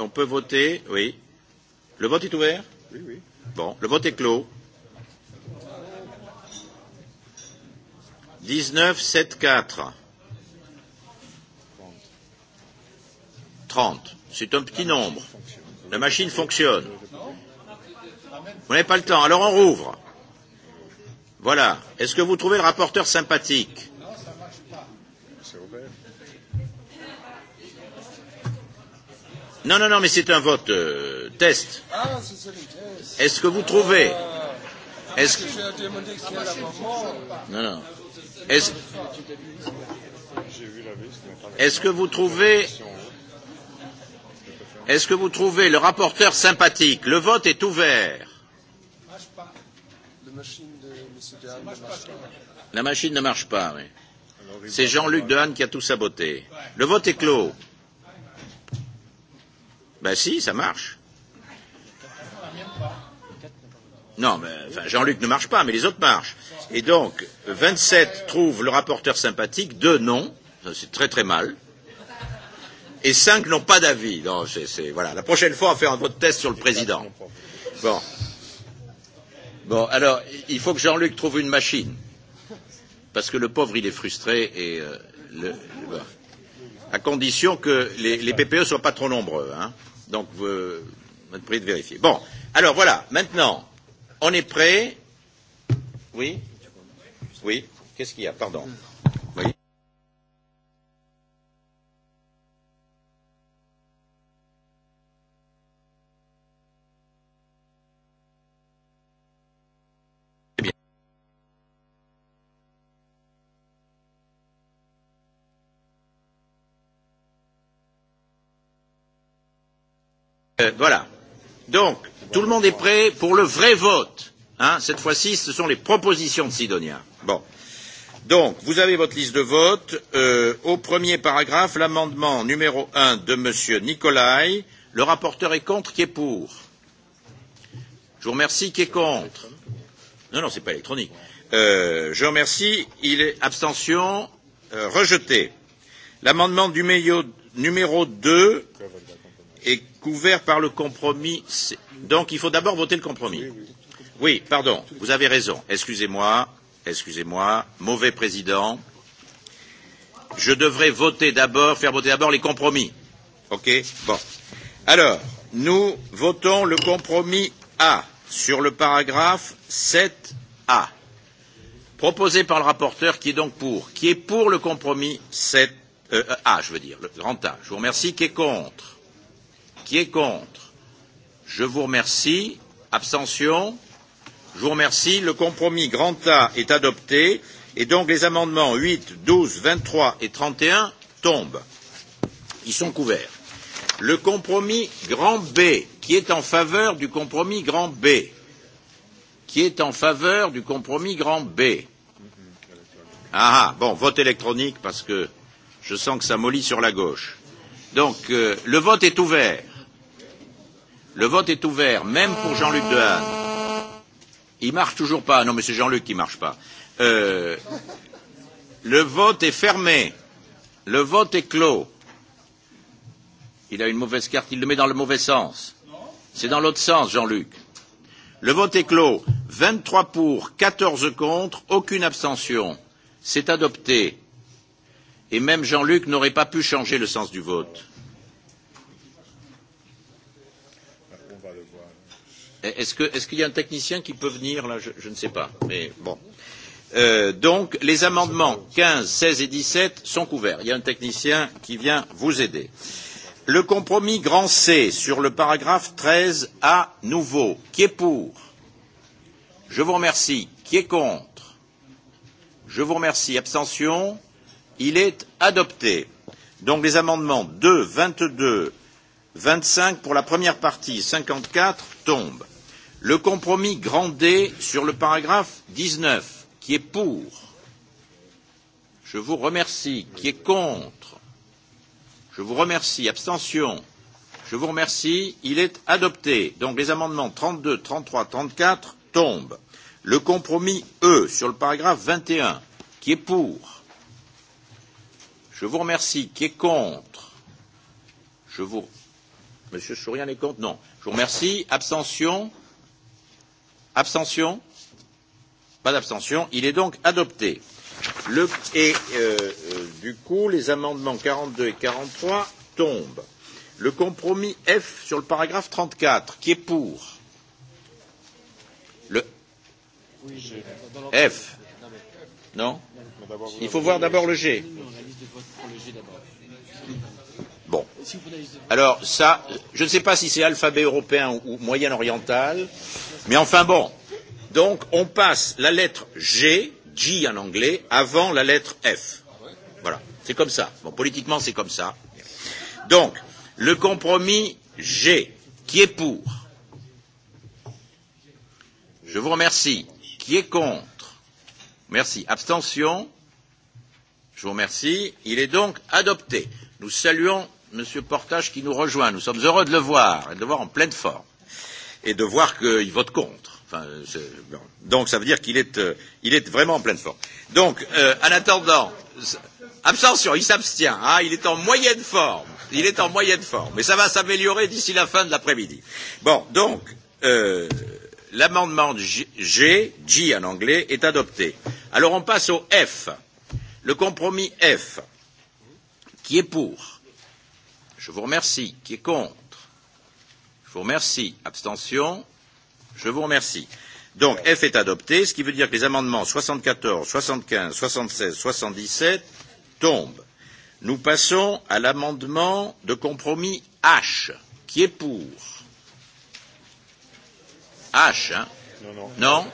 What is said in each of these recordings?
on peut voter, oui. Le vote est ouvert Oui, oui. Bon, le vote est clos. 19, 7, 4. 30. C'est un petit nombre. La machine fonctionne. Vous n'avez pas le temps, alors on rouvre. Voilà. Est-ce que vous trouvez le rapporteur sympathique Non, non, non, mais c'est un vote euh, test. Est-ce que vous trouvez Est-ce que... Non, non. Est-ce est que vous trouvez Est-ce que vous trouvez le rapporteur sympathique Le vote est ouvert. La machine ne marche pas, oui. C'est Jean-Luc Dehaene qui a tout saboté. Le vote est clos. Ben si, ça marche. Non, mais enfin, Jean-Luc ne marche pas, mais les autres marchent. Et donc, 27 trouvent le rapporteur sympathique, 2 non, c'est très très mal, et 5 n'ont pas d'avis. Non, c'est, c'est, voilà. La prochaine fois, on fait un vote test sur le président. Bon. Bon, alors, il faut que Jean-Luc trouve une machine. Parce que le pauvre, il est frustré et. Euh, le, le, à condition que les, les PPE ne soient pas trop nombreux. Hein. Donc, vous êtes prêts de vérifier. Bon, alors voilà, maintenant, on est prêt. Oui Oui Qu'est-ce qu'il y a Pardon. Euh, voilà. Donc, tout le monde est prêt pour le vrai vote. Hein Cette fois-ci, ce sont les propositions de Sidonia. Bon. Donc, vous avez votre liste de vote. Euh, au premier paragraphe, l'amendement numéro 1 de M. Nicolai. Le rapporteur est contre, qui est pour Je vous remercie, qui est contre Non, non, ce n'est pas électronique. Euh, je remercie, il est abstention, euh, rejeté. L'amendement numéro 2 est couvert par le compromis. Donc il faut d'abord voter le compromis. Oui, pardon, vous avez raison. Excusez-moi, excusez-moi, mauvais président. Je devrais voter d'abord, faire voter d'abord les compromis. OK Bon. Alors, nous votons le compromis A sur le paragraphe 7A, proposé par le rapporteur qui est donc pour, qui est pour le compromis 7, euh, A, je veux dire, le grand A. Je vous remercie, qui est contre Qui est contre Je vous remercie. Abstention Je vous remercie. Le compromis grand A est adopté. Et donc les amendements 8, 12, 23 et 31 tombent. Ils sont couverts. Le compromis grand B, qui est en faveur du compromis grand B Qui est en faveur du compromis grand B Ah, bon, vote électronique parce que je sens que ça mollit sur la gauche. Donc, euh, le vote est ouvert. Le vote est ouvert, même pour Jean-Luc Dehaene. Il marche toujours pas. Non, mais c'est Jean-Luc qui marche pas. Euh, le vote est fermé. Le vote est clos. Il a une mauvaise carte, il le met dans le mauvais sens. C'est dans l'autre sens, Jean-Luc. Le vote est clos. 23 pour, 14 contre, aucune abstention. C'est adopté. Et même Jean-Luc n'aurait pas pu changer le sens du vote. Est-ce qu'il est qu y a un technicien qui peut venir là je, je ne sais pas. Mais bon. Euh, donc, les amendements 15, 16 et 17 sont couverts. Il y a un technicien qui vient vous aider. Le compromis grand C sur le paragraphe 13 à nouveau. Qui est pour Je vous remercie. Qui est contre Je vous remercie. Abstention Il est adopté. Donc les amendements 2, 22, 25 pour la première partie, 54 tombent. Le compromis grand D sur le paragraphe dix neuf, qui est pour. Je vous remercie. Qui est contre Je vous remercie. Abstention. Je vous remercie. Il est adopté. Donc les amendements trente deux, trente trois, trente quatre tombent. Le compromis E sur le paragraphe vingt et un, qui est pour. Je vous remercie. Qui est contre Je vous. Monsieur Souriant est contre Non. Je vous remercie. Abstention. Abstention Pas d'abstention. Il est donc adopté. Le, et euh, du coup, les amendements 42 et 43 tombent. Le compromis F sur le paragraphe 34, qui est pour Le F Non Il faut voir d'abord le G. Bon. Alors ça, je ne sais pas si c'est alphabet européen ou moyen-oriental, mais enfin bon. Donc on passe la lettre G, G en anglais, avant la lettre F. Voilà, c'est comme ça. Bon, politiquement c'est comme ça. Donc, le compromis G, qui est pour Je vous remercie. Qui est contre Merci. Abstention Je vous remercie. Il est donc adopté. Nous saluons M. Portage qui nous rejoint. Nous sommes heureux de le voir et de le voir en pleine forme et de voir qu'il vote contre. Enfin, bon. Donc ça veut dire qu'il est, euh, il est vraiment en pleine forme. Donc, euh, en attendant, abstention, il s'abstient. Hein, il est en moyenne forme. Il est en moyenne forme. Mais ça va s'améliorer d'ici la fin de l'après-midi. Bon, donc, euh, l'amendement G, G en anglais, est adopté. Alors on passe au F. Le compromis F. Qui est pour Je vous remercie. Qui est contre Je vous remercie. Abstention Je vous remercie. Donc F est adopté, ce qui veut dire que les amendements 74, 75, 76, 77 tombent. Nous passons à l'amendement de compromis H. Qui est pour H, hein Non, non. Non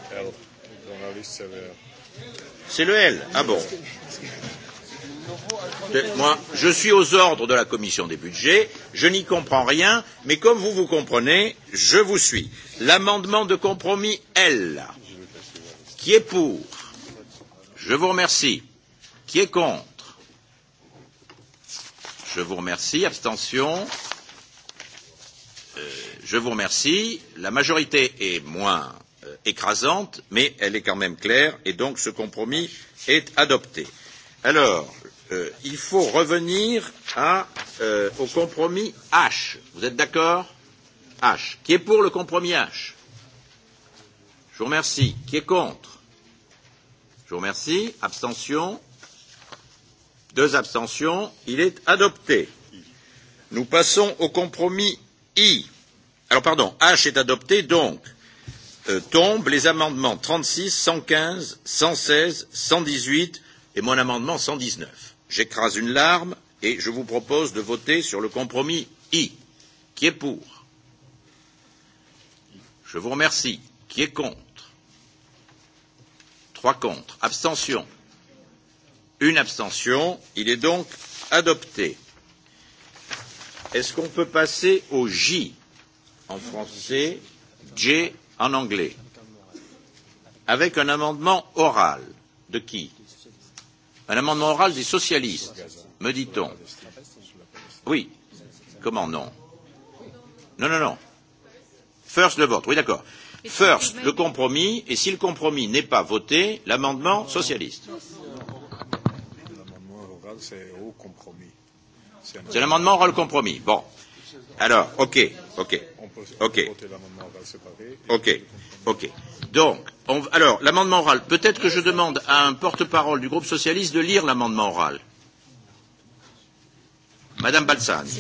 C'est le L. Ah bon Moi, je suis aux ordres de la commission des budgets, je n'y comprends rien, mais comme vous vous comprenez, je vous suis. L'amendement de compromis L, qui est pour Je vous remercie. Qui est contre Je vous remercie. Abstention Je vous remercie. La majorité est moins écrasante, mais elle est quand même claire, et donc ce compromis est adopté. Alors, il faut revenir au compromis H. Vous êtes d'accord H. Qui est pour le compromis H Je vous remercie. Qui est contre Je vous remercie. Abstention Deux abstentions. Il est adopté. Nous passons au compromis I. Alors pardon, H est adopté, donc euh, tombent les amendements 36, 115, 116, 118 et mon amendement 119. J'écrase une larme et je vous propose de voter sur le compromis I. Qui est pour Je vous remercie. Qui est contre Trois contre. Abstention. Une abstention. Il est donc adopté. Est-ce qu'on peut passer au J en français, J en anglais, avec un amendement oral de qui Un amendement oral des socialistes, me dit-on. Oui. Comment non Non, non, non. First le vote, oui d'accord. First le compromis, et si le compromis n'est pas voté, l'amendement socialiste. C'est l'amendement oral compromis. Bon. Alors, ok, ok, ok, ok, ok. Donc, on, alors, l'amendement oral. Peut-être que je demande à un porte-parole du groupe socialiste de lire l'amendement oral. Madame Balsani.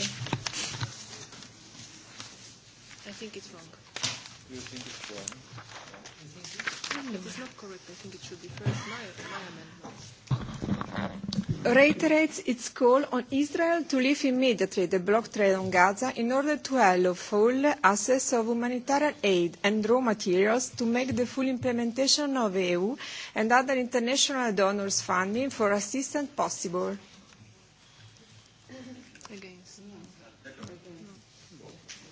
It's not correct. I think it should be first my, my amendment reiterates its call on Israel to lift immediately the blockade on Gaza in order to allow full access of humanitarian aid and raw materials to make the full implementation of EU and other international donors' funding for assistance possible.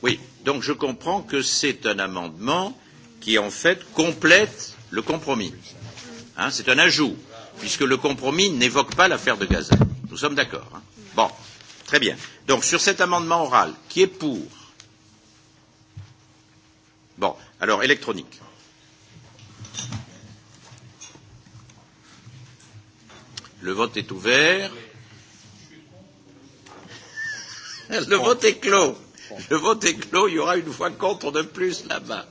Oui, donc je comprends que c'est un amendement qui en fait complète le compromis. c'est un ajout puisque le compromis n'évoque pas l'affaire de Gaza. Nous sommes d'accord. Hein bon, très bien. Donc sur cet amendement oral, qui est pour Bon, alors électronique. Le vote est ouvert. Le vote est clos. Le vote est clos. Il y aura une fois contre de plus là-bas.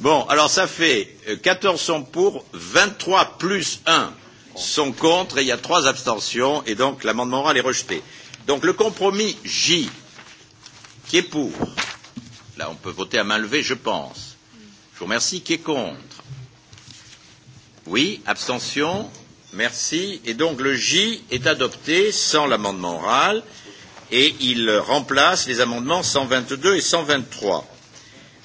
Bon, alors ça fait 14 sont pour, 23 plus 1 sont contre et il y a trois abstentions et donc l'amendement oral est rejeté. Donc le compromis J, qui est pour, là on peut voter à main levée, je pense. Je vous remercie, qui est contre Oui, abstention, merci. Et donc le J est adopté sans l'amendement oral et il remplace les amendements 122 et 123.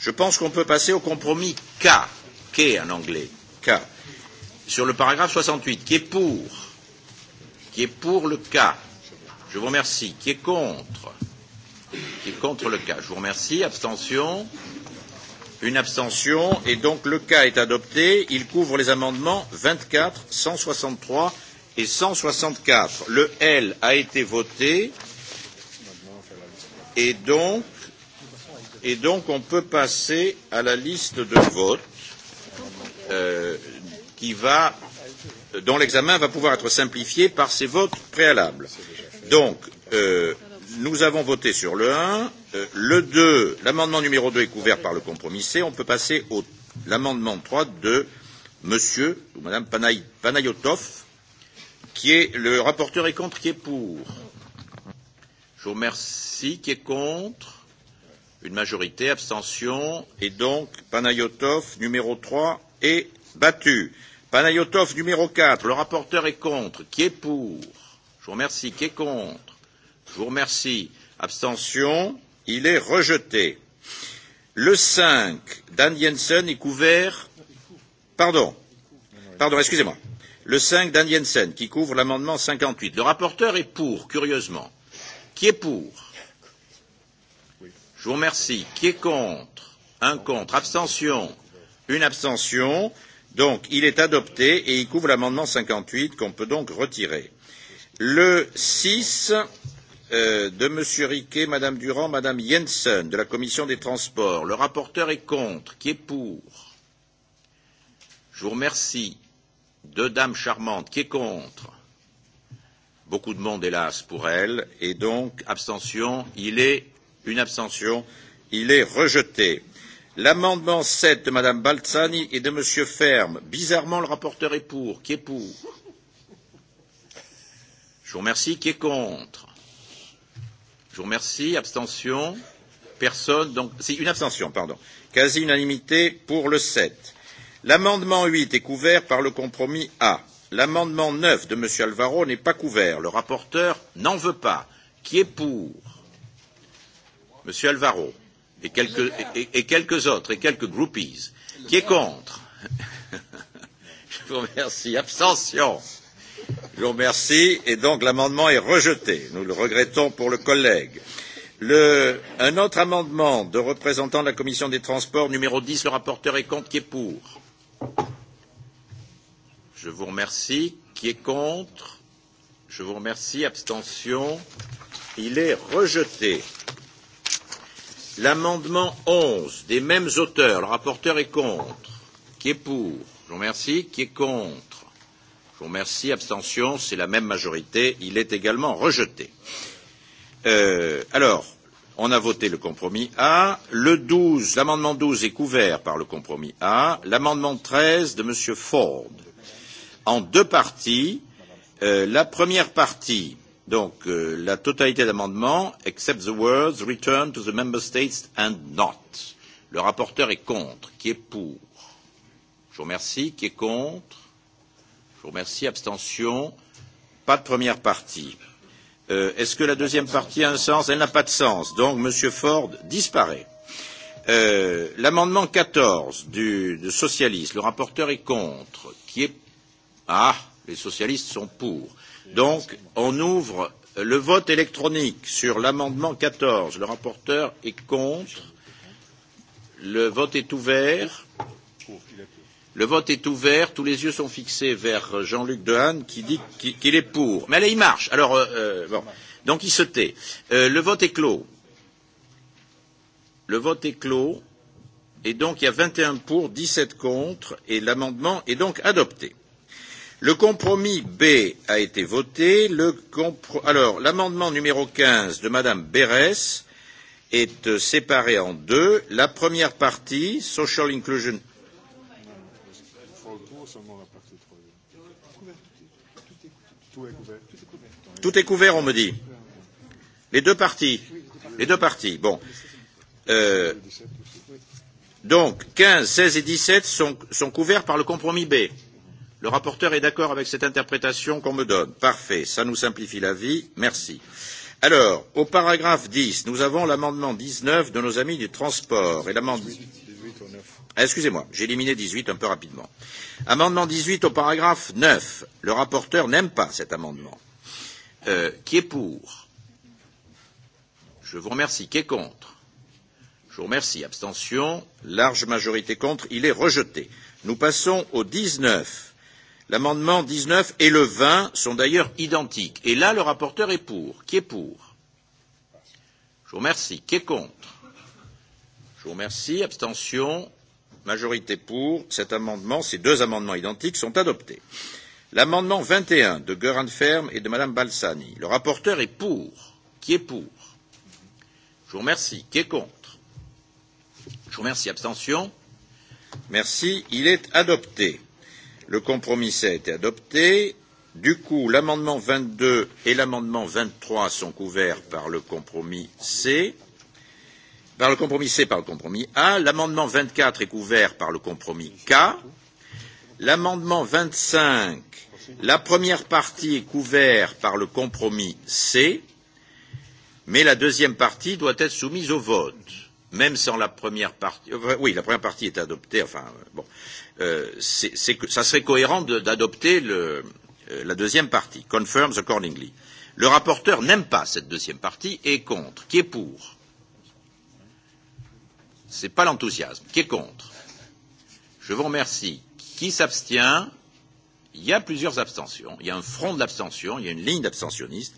Je pense qu'on peut passer au compromis K, K en anglais, K, sur le paragraphe 68, qui est pour, qui est pour le K. Je vous remercie. Qui est contre Qui est contre le K Je vous remercie. Abstention Une abstention. Et donc le cas est adopté. Il couvre les amendements 24, 163 et 164. Le L a été voté. Et donc, Et donc, on peut passer à la liste de vote euh, qui va, dont l'examen va pouvoir être simplifié par ces votes préalables. Donc, euh, nous avons voté sur le 1, euh, le 2, l'amendement numéro 2 est couvert par le compromis C. On peut passer à l'amendement 3 de Monsieur ou Madame Panay, Panayotov, qui est le rapporteur est contre, qui est pour. Je vous remercie. Qui est contre Une majorité, abstention, et donc Panayotov numéro 3 est battu. Panayotov numéro 4, le rapporteur est contre. Qui est pour Je vous remercie. Qui est contre Je vous remercie. Abstention, il est rejeté. Le 5, Dan Jensen est couvert. Pardon. Pardon, excusez-moi. Le 5, Dan Jensen, qui couvre l'amendement 58. Le rapporteur est pour, curieusement. Qui est pour Je vous remercie. Qui est contre Un contre. Abstention Une abstention. Donc, il est adopté et il couvre l'amendement 58 qu'on peut donc retirer. Le 6 euh, de M. Riquet, Mme Durand, Mme Jensen de la Commission des Transports. Le rapporteur est contre. Qui est pour Je vous remercie. Deux dames charmantes. Qui est contre Beaucoup de monde, hélas, pour elle. Et donc, abstention, il est une abstention. Il est rejeté. L'amendement sept de Madame Balzani et de Monsieur Ferme. Bizarrement, le rapporteur est pour. Qui est pour Je vous remercie. Qui est contre Je vous remercie. Abstention Personne. Donc, c'est une abstention, pardon. Quasi unanimité pour le sept. L'amendement huit est couvert par le compromis A. L'amendement neuf de M. Alvaro n'est pas couvert. Le rapporteur n'en veut pas. Qui est pour Monsieur Alvaro, et quelques, et, et quelques autres, et quelques groupies. Qui est contre Je vous remercie. Abstention Je vous remercie. Et donc l'amendement est rejeté. Nous le regrettons pour le collègue. Le, un autre amendement de représentant de la commission des transports, numéro 10, le rapporteur est contre, qui est pour Je vous remercie. Qui est contre Je vous remercie. Abstention. Il est rejeté. L'amendement 11 des mêmes auteurs, le rapporteur est contre. Qui est pour Je vous remercie. Qui est contre Je vous remercie. Abstention, c'est la même majorité. Il est également rejeté. Euh, alors, on a voté le compromis A. Le 12, l'amendement 12 est couvert par le compromis A. L'amendement 13 de M. Ford. En deux parties. Euh, la première partie Donc, la totalité de l'amendement, except the words, return to the member states and not. Le rapporteur est contre. Qui est pour Je vous remercie. Qui est contre Je vous remercie. Abstention. Pas de première partie. Est-ce que la deuxième partie a un sens Elle n'a pas de sens. Donc, Monsieur Ford disparaît. L'amendement 14 du, du socialiste, le rapporteur est contre. Qui est... Ah Les socialistes sont pour. Donc, on ouvre le vote électronique sur l'amendement 14. Le rapporteur est contre. Le vote est ouvert. Le vote est ouvert. Tous les yeux sont fixés vers Jean-Luc Dehaene qui dit qu'il est pour. Mais allez, il marche. Alors, euh, bon. Donc, il se tait. Euh, le vote est clos. Le vote est clos. Et donc, il y a 21 pour, 17 contre. Et l'amendement est donc adopté. Le compromis B a été voté. Le compro... Alors, l'amendement numéro 15 de Madame Berès est euh, séparé en deux. La première partie, Social Inclusion. Tout est couvert, on me dit. Les deux parties. Les deux parties. Bon. Euh, donc, 15, 16 et 17 sont, sont couverts par le compromis B. Le rapporteur est d'accord avec cette interprétation qu'on me donne. Parfait, ça nous simplifie la vie. Merci. Alors, au paragraphe 10, nous avons l'amendement 19 de nos amis du transport et l'amendement Excusez-moi, j'ai éliminé 18 un peu rapidement. Amendement 18 au paragraphe 9. Le rapporteur n'aime pas cet amendement. Euh, qui est pour Je vous remercie. Qui est contre Je vous remercie. Abstention. Large majorité contre. Il est rejeté. Nous passons au 19. L'amendement dix neuf et le vingt sont d'ailleurs identiques. Et là, le rapporteur est pour. Qui est pour Je vous remercie. Qui est contre Je vous remercie. Abstention. Majorité pour. Cet amendement, ces deux amendements identiques sont adoptés. L'amendement vingt et un de Göran Ferm et de Madame Balsani. Le rapporteur est pour. Qui est pour Je vous remercie. Qui est contre Je vous remercie. Abstention. Merci. Il est adopté. Le compromis a été adopté. Du coup, l'amendement vingt deux et l'amendement vingt trois sont couverts par le compromis C. Par le compromis C, par le compromis A. L'amendement vingt quatre est couvert par le compromis K. L'amendement vingt cinq, la première partie est couverte par le compromis C, mais la deuxième partie doit être soumise au vote, même sans la première partie. oui, la première partie est adoptée, enfin, bon c'est ça serait cohérent d'adopter la deuxième partie, confirms accordingly. Le rapporteur n'aime pas cette deuxième partie et est contre. Qui est pour Ce n'est pas l'enthousiasme. Qui est contre Je vous remercie. Qui s'abstient Il y a plusieurs abstentions. Il y a un front d'abstention, il y a une ligne d'abstentionnistes.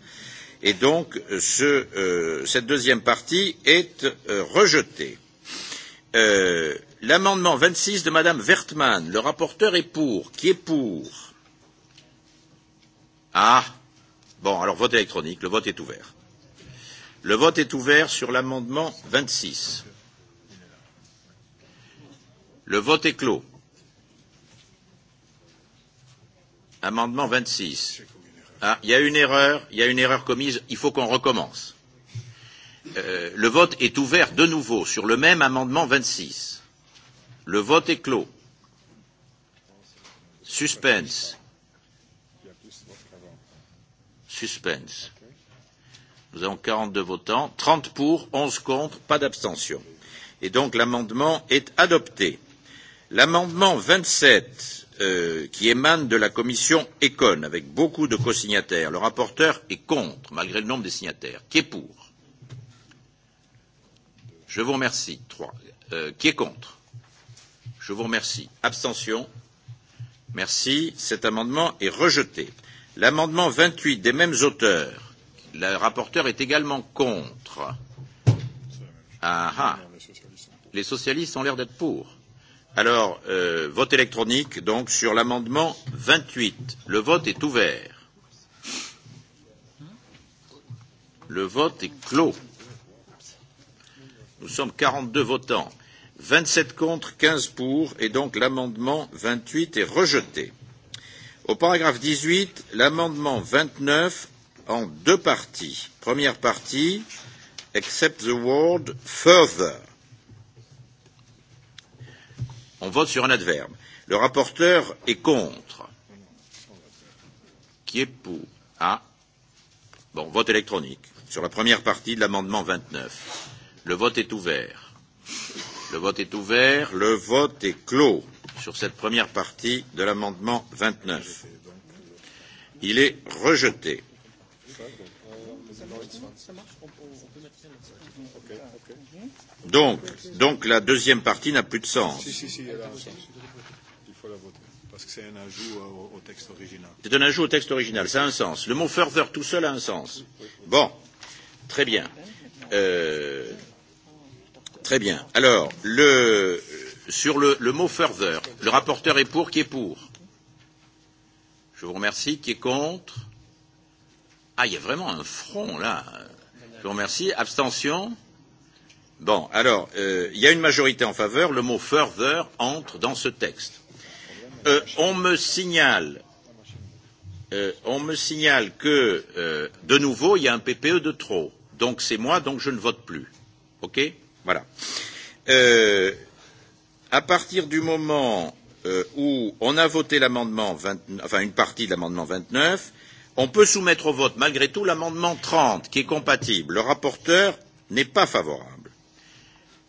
Et donc, ce, euh, cette deuxième partie est euh, rejetée. Euh, L'amendement vingt six de Madame Wertmann, le rapporteur est pour. Qui est pour Ah Bon, alors vote électronique, le vote est ouvert. Le vote est ouvert sur l'amendement vingt six. Le vote est clos. Amendement vingt six. Ah, il y a une erreur, il y a une erreur commise, il faut qu'on recommence. Euh, le vote est ouvert de nouveau sur le même amendement vingt six. Le vote est clos. Suspense. Suspense. Nous avons 42 votants, 30 pour, 11 contre, pas d'abstention. Et donc l'amendement est adopté. L'amendement 27, euh, qui émane de la commission Econ, avec beaucoup de cosignataires, le rapporteur est contre, malgré le nombre des signataires. Qui est pour Je vous remercie. Trois. Euh, qui est contre Je vous remercie. Abstention Merci. Cet amendement est rejeté. L'amendement 28 des mêmes auteurs. Le rapporteur est également contre. Ah ah. Les socialistes ont l'air d'être pour. Alors, euh, vote électronique donc sur l'amendement 28. Le vote est ouvert. Le vote est clos. Nous sommes 42 votants vingt sept contre, quinze pour, et donc l'amendement vingt huit est rejeté. Au paragraphe dix huit, l'amendement vingt neuf en deux parties. Première partie, except the word further. On vote sur un adverbe. Le rapporteur est contre. Qui est pour Ah. Bon, vote électronique sur la première partie de l'amendement vingt neuf. Le vote est ouvert. Le vote est ouvert. Le vote est clos sur cette première partie de l'amendement 29. Il est rejeté. Donc, donc la deuxième partie n'a plus de sens. parce que C'est un ajout au texte original, ça a un sens. Le mot further tout seul a un sens. Bon, très bien. Euh, Très bien. Alors, le, sur le, le mot further, le rapporteur est pour, qui est pour Je vous remercie. Qui est contre Ah, il y a vraiment un front là. Je vous remercie. Abstention Bon, alors, euh, il y a une majorité en faveur. Le mot further entre dans ce texte. Euh, on me signale. Euh, on me signale que, euh, de nouveau, il y a un PPE de trop. Donc c'est moi, donc je ne vote plus. OK Voilà. Euh, à partir du moment euh, où on a voté l'amendement, enfin une partie de l'amendement 29, on peut soumettre au vote malgré tout l'amendement 30 qui est compatible. Le rapporteur n'est pas favorable,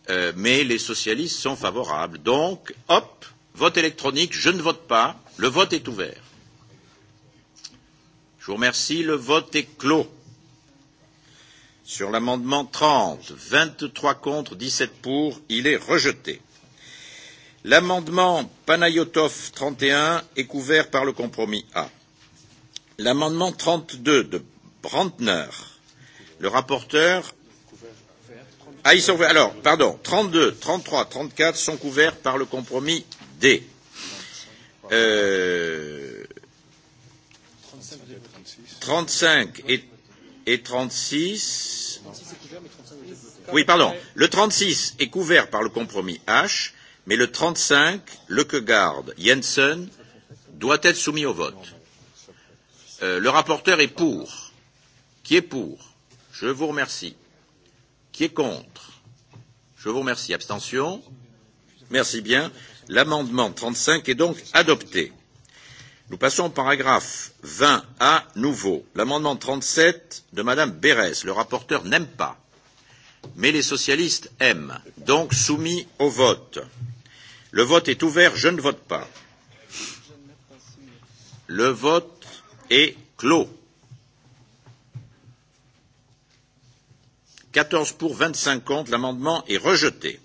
euh, mais les socialistes sont favorables. Donc, hop, vote électronique, je ne vote pas, le vote est ouvert. Je vous remercie, le vote est clos sur l'amendement 30, 23 contre, 17 pour, il est rejeté. L'amendement Panayotov 31 est couvert par le compromis A. L'amendement 32 de Brandner, le rapporteur ah, ils sont, alors, pardon, 32, 33, 34 sont couverts par le compromis D. Euh, 35 et et 36. Oui, pardon. Le 36 est couvert par le compromis H, mais le 35, garde Jensen, doit être soumis au vote. Euh, le rapporteur est pour. Qui est pour Je vous remercie. Qui est contre Je vous remercie. Abstention Merci bien. L'amendement 35 est donc adopté. Nous passons au paragraphe 20 à nouveau. L'amendement 37 de Madame Berès, le rapporteur n'aime pas, mais les socialistes aiment, donc soumis au vote. Le vote est ouvert, je ne vote pas. Le vote est clos. 14 pour, 25 contre, l'amendement est rejeté.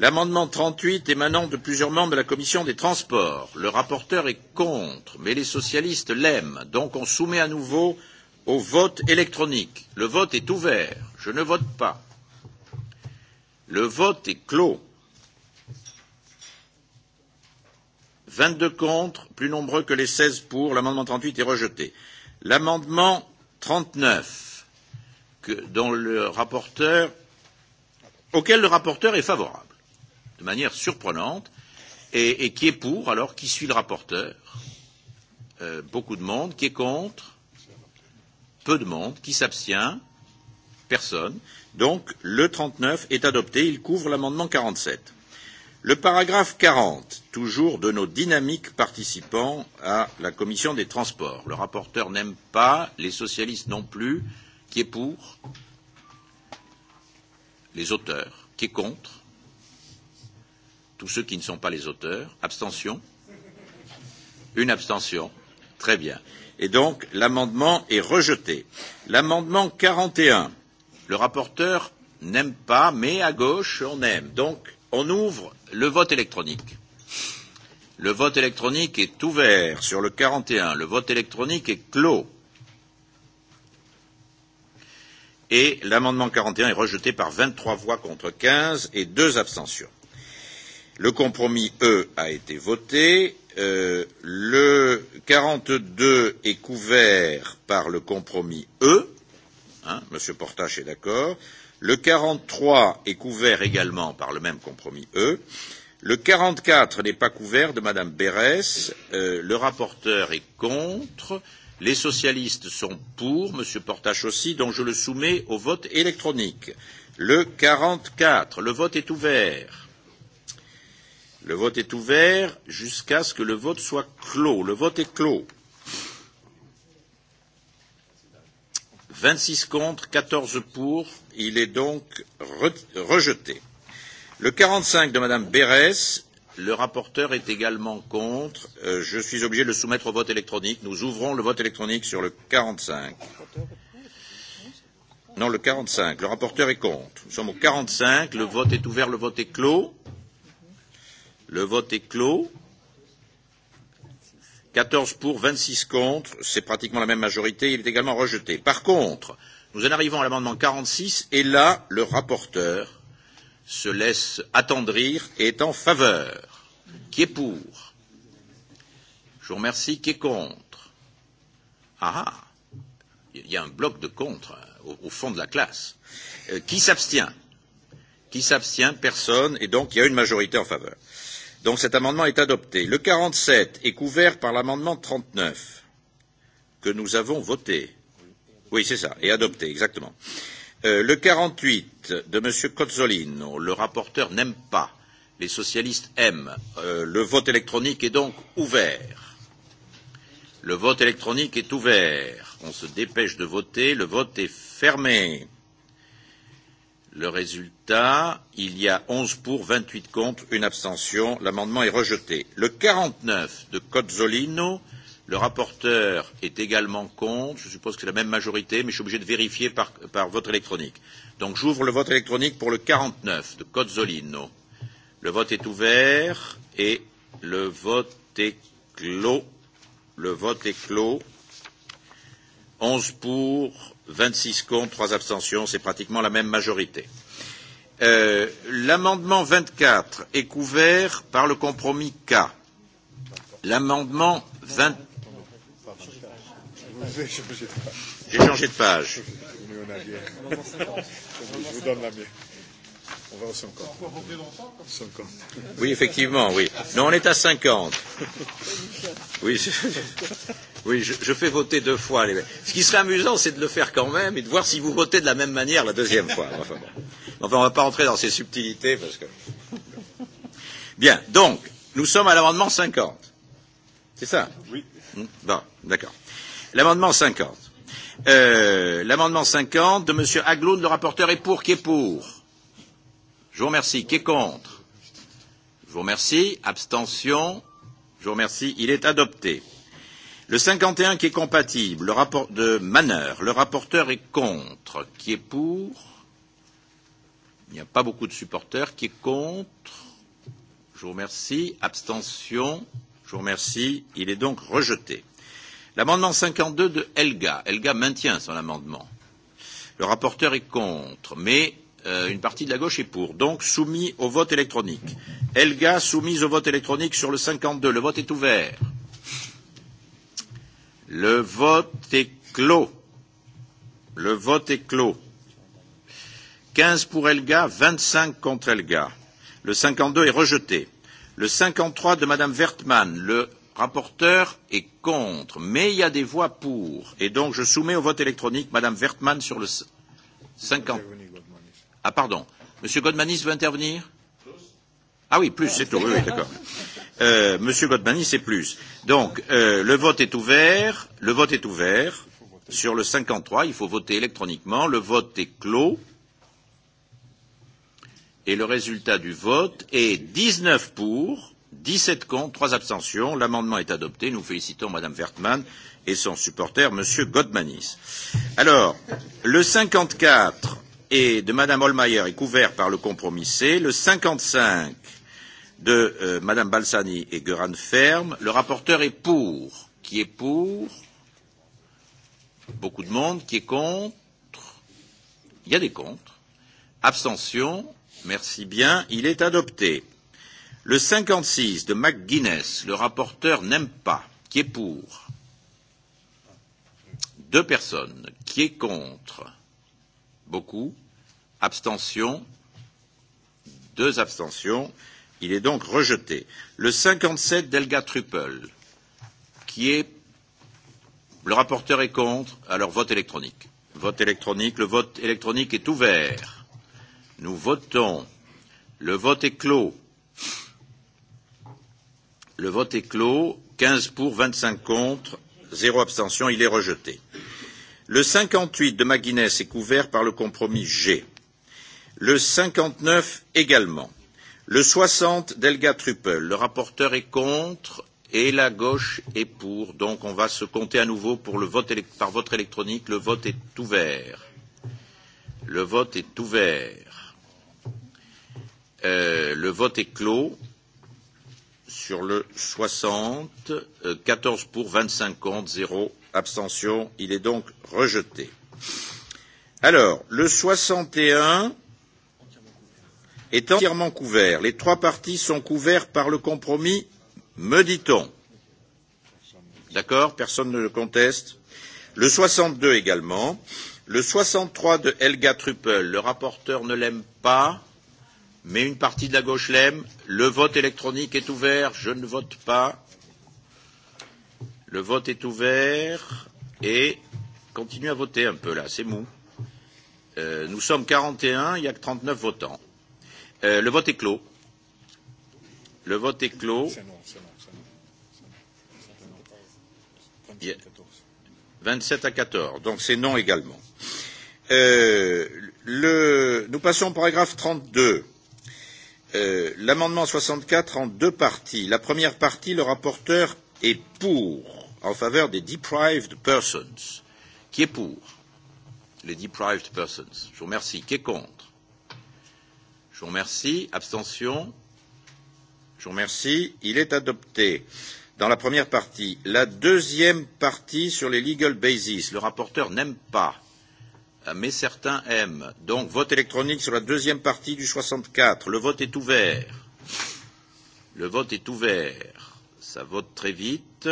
L'amendement trente huit émanant de plusieurs membres de la commission des transports. Le rapporteur est contre, mais les socialistes l'aiment, donc on soumet à nouveau au vote électronique. Le vote est ouvert. Je ne vote pas. Le vote est clos. Vingt deux contre, plus nombreux que les seize pour. L'amendement trente huit est rejeté. L'amendement trente neuf, dont le rapporteur, auquel le rapporteur est favorable de manière surprenante, et, et qui est pour, alors qui suit le rapporteur euh, Beaucoup de monde. Qui est contre Peu de monde. Qui s'abstient Personne. Donc le 39 est adopté. Il couvre l'amendement 47. Le paragraphe 40, toujours de nos dynamiques participants à la commission des transports. Le rapporteur n'aime pas, les socialistes non plus. Qui est pour Les auteurs. Qui est contre Tous ceux qui ne sont pas les auteurs. Abstention Une abstention. Très bien. Et donc, l'amendement est rejeté. L'amendement 41, le rapporteur n'aime pas, mais à gauche, on aime. Donc, on ouvre le vote électronique. Le vote électronique est ouvert sur le 41. Le vote électronique est clos. Et l'amendement 41 est rejeté par 23 voix contre 15 et deux abstentions. Le compromis E a été voté. le quarante deux est couvert par le compromis E. Hein, Monsieur Portache est d'accord. Le quarante trois est couvert également par le même compromis E. Le quarante quatre n'est pas couvert de Madame Berès. le rapporteur est contre. Les socialistes sont pour, Monsieur Portache aussi, donc je le soumets au vote électronique. Le quarante quatre, le vote est ouvert. Le vote est ouvert jusqu'à ce que le vote soit clos. Le vote est clos. 26 contre, 14 pour. Il est donc re rejeté. Le 45 de Madame Berès, le rapporteur est également contre. Euh, je suis obligé de le soumettre au vote électronique. Nous ouvrons le vote électronique sur le 45. Non, le 45. Le rapporteur est contre. Nous sommes au 45. Le vote est ouvert, le vote est clos. Le vote est clos. 14 pour, 26 contre, c'est pratiquement la même majorité, il est également rejeté. Par contre, nous en arrivons à l'amendement 46, et là, le rapporteur se laisse attendrir et est en faveur. Qui est pour Je vous remercie. Qui est contre Ah Il y a un bloc de contre au, au fond de la classe. Euh, qui s'abstient Qui s'abstient Personne, et donc il y a une majorité en faveur. Donc cet amendement est adopté. Le quarante sept est couvert par l'amendement trente neuf que nous avons voté. Oui, c'est ça, et adopté, exactement. le quarante huit de M. Cozzolino, le rapporteur n'aime pas, les socialistes aiment. le vote électronique est donc ouvert. Le vote électronique est ouvert. On se dépêche de voter, le vote est fermé. Le résultat, il y a onze pour, vingt huit contre, une abstention. L'amendement est rejeté. Le quarante neuf de Cozzolino, le rapporteur est également contre. Je suppose que c'est la même majorité, mais je suis obligé de vérifier par, par vote électronique. Donc j'ouvre le vote électronique pour le quarante neuf de Cozzolino. Le vote est ouvert et le vote est clos. Le vote est clos. Onze pour, 26 contre, 3 abstentions, c'est pratiquement la même majorité. Euh, L'amendement 24 est couvert par le compromis K. L'amendement 20... J'ai changé de page. Je vous donne la mienne. On va au 50. Oui, effectivement, oui. Non, on est à 50. Oui. Oui, je, je fais voter deux fois. Les... Ce qui serait amusant, c'est de le faire quand même et de voir si vous votez de la même manière la deuxième fois. Enfin, bon. enfin on ne va pas entrer dans ces subtilités parce que. Bien, donc, nous sommes à l'amendement 50. C'est ça Oui. Bon, d'accord. L'amendement 50. Euh, l'amendement 50 de M. Agloun, le rapporteur, est pour. Qui est pour Je vous remercie. Qui est contre Je vous remercie. Abstention Je vous remercie. Il est adopté. Le 51 qui est compatible, le rapport de Manner, le rapporteur est contre, qui est pour Il n'y a pas beaucoup de supporters, qui est contre Je vous remercie. Abstention Je vous remercie. Il est donc rejeté. L'amendement 52 de Helga. Helga maintient son amendement. Le rapporteur est contre, mais euh, une partie de la gauche est pour. Donc soumis au vote électronique. Helga soumise au vote électronique sur le 52. Le vote est ouvert. Le vote est clos. Le vote est clos. 15 pour Elga, 25 contre Elga. Le 52 est rejeté. Le 53 de Madame Wertmann, le rapporteur est contre, mais il y a des voix pour. Et donc je soumets au vote électronique Madame Wertmann sur le 50. Ah pardon. Monsieur Godmanis veut intervenir Ah oui, plus, c'est tout. Oui, oui, d'accord. Euh, Monsieur Godmani, c'est plus. Donc, euh, le vote est ouvert. Le vote est ouvert. Sur le 53, il faut voter électroniquement. Le vote est clos. Et le résultat du vote est 19 pour, 17 contre, 3 abstentions. L'amendement est adopté. Nous félicitons Madame Wertmann et son supporter, Monsieur Godmanis. Alors, le 54 quatre de Madame Holmeyer est couvert par le compromis C. Le 55 de euh, Madame Balsani et Göran Ferm. Le rapporteur est pour. Qui est pour Beaucoup de monde. Qui est contre Il y a des contre. Abstention. Merci bien. Il est adopté. Le 56 de McGuinness, le rapporteur n'aime pas. Qui est pour Deux personnes. Qui est contre Beaucoup. Abstention. Deux abstentions. Il est donc rejeté. Le 57 d'Elga Truppel, qui est. Le rapporteur est contre, alors vote électronique. Vote électronique, le vote électronique est ouvert. Nous votons. Le vote est clos. Le vote est clos. 15 pour, 25 contre, 0 abstention, il est rejeté. Le 58 de McGuinness est couvert par le compromis G. Le 59 également. Le soixante d'Elga Truppel. Le rapporteur est contre et la gauche est pour. Donc on va se compter à nouveau pour le vote par vote électronique. Le vote est ouvert. Le vote est ouvert. Euh, le vote est clos sur le soixante, quatorze pour, vingt cinq contre, zéro abstention. Il est donc rejeté. Alors, le soixante et un est entièrement couvert. Les trois parties sont couverts par le compromis, me dit-on. D'accord Personne ne le conteste Le 62 également. Le 63 de Helga Truppel, le rapporteur ne l'aime pas, mais une partie de la gauche l'aime. Le vote électronique est ouvert, je ne vote pas. Le vote est ouvert et continue à voter un peu là, c'est mou. Euh, nous sommes 41, il n'y a que 39 votants le vote est clos. Le vote est clos. Vingt sept à quatorze, donc c'est non également. nous passons au paragraphe trente deux. L'amendement soixante quatre en deux parties. La première partie, le rapporteur est pour, en faveur des deprived persons. Qui est pour Les deprived persons. Je vous remercie. Qui est contre Je vous remercie. Abstention Je vous remercie. Il est adopté. Dans la première partie. La deuxième partie sur les legal basis. Le rapporteur n'aime pas, mais certains aiment. Donc, vote électronique sur la deuxième partie du 64. Le vote est ouvert. Le vote est ouvert. Ça vote très vite.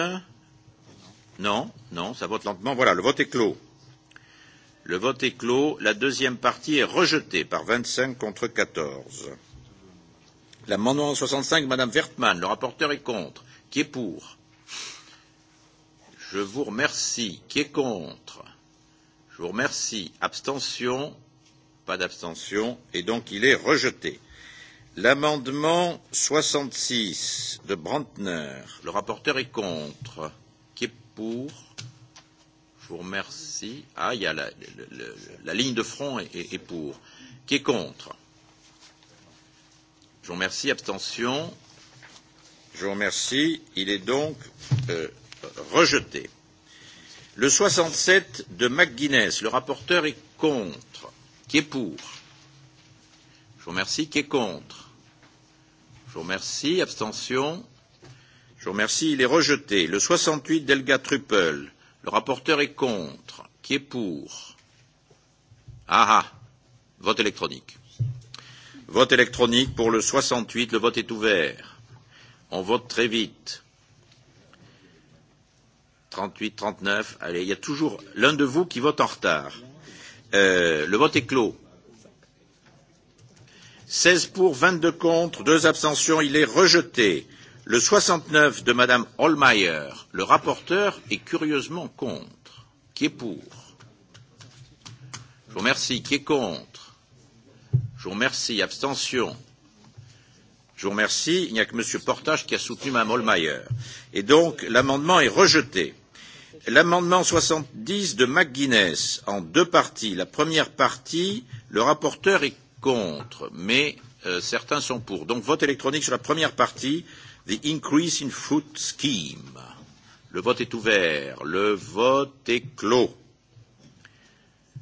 Non, non, ça vote lentement. Voilà, le vote est clos. Le vote est clos. La deuxième partie est rejetée par vingt cinq contre quatorze. L'amendement soixante cinq, Madame Wertmann, le rapporteur est contre. Qui est pour Je vous remercie. Qui est contre Je vous remercie. Abstention Pas d'abstention. Et donc il est rejeté. L'amendement soixante six de Brantner, le rapporteur est contre. Qui est pour Je vous remercie. Ah, il y a la, la, la ligne de front est, est, est pour. Qui est contre Je vous remercie. Abstention. Je vous remercie. Il est donc euh, rejeté. Le 67 de McGuinness, le rapporteur est contre. Qui est pour Je vous remercie. Qui est contre Je vous remercie. Abstention. Je vous remercie. Il est rejeté. Le 68 d'Elga Truppel Le rapporteur est contre. Qui est pour Ah ah Vote électronique. Vote électronique pour le 68. Le vote est ouvert. On vote très vite. 38, 39. Allez, il y a toujours l'un de vous qui vote en retard. Euh, le vote est clos. 16 pour, 22 contre, 2 abstentions. Il est rejeté. Le soixante neuf de Madame Hohlmeier, le rapporteur est curieusement contre. Qui est pour Je vous remercie. Qui est contre Je vous remercie. Abstention Je vous remercie. Il n'y a que M. Portage qui a soutenu Mme Hohlmeier. Et donc, l'amendement est rejeté. L'amendement soixante dix de McGuinness, en deux parties. La première partie, le rapporteur est contre, mais certains sont pour. Donc, vote électronique sur la première partie. The increase in food scheme. Le vote est ouvert. Le vote est clos.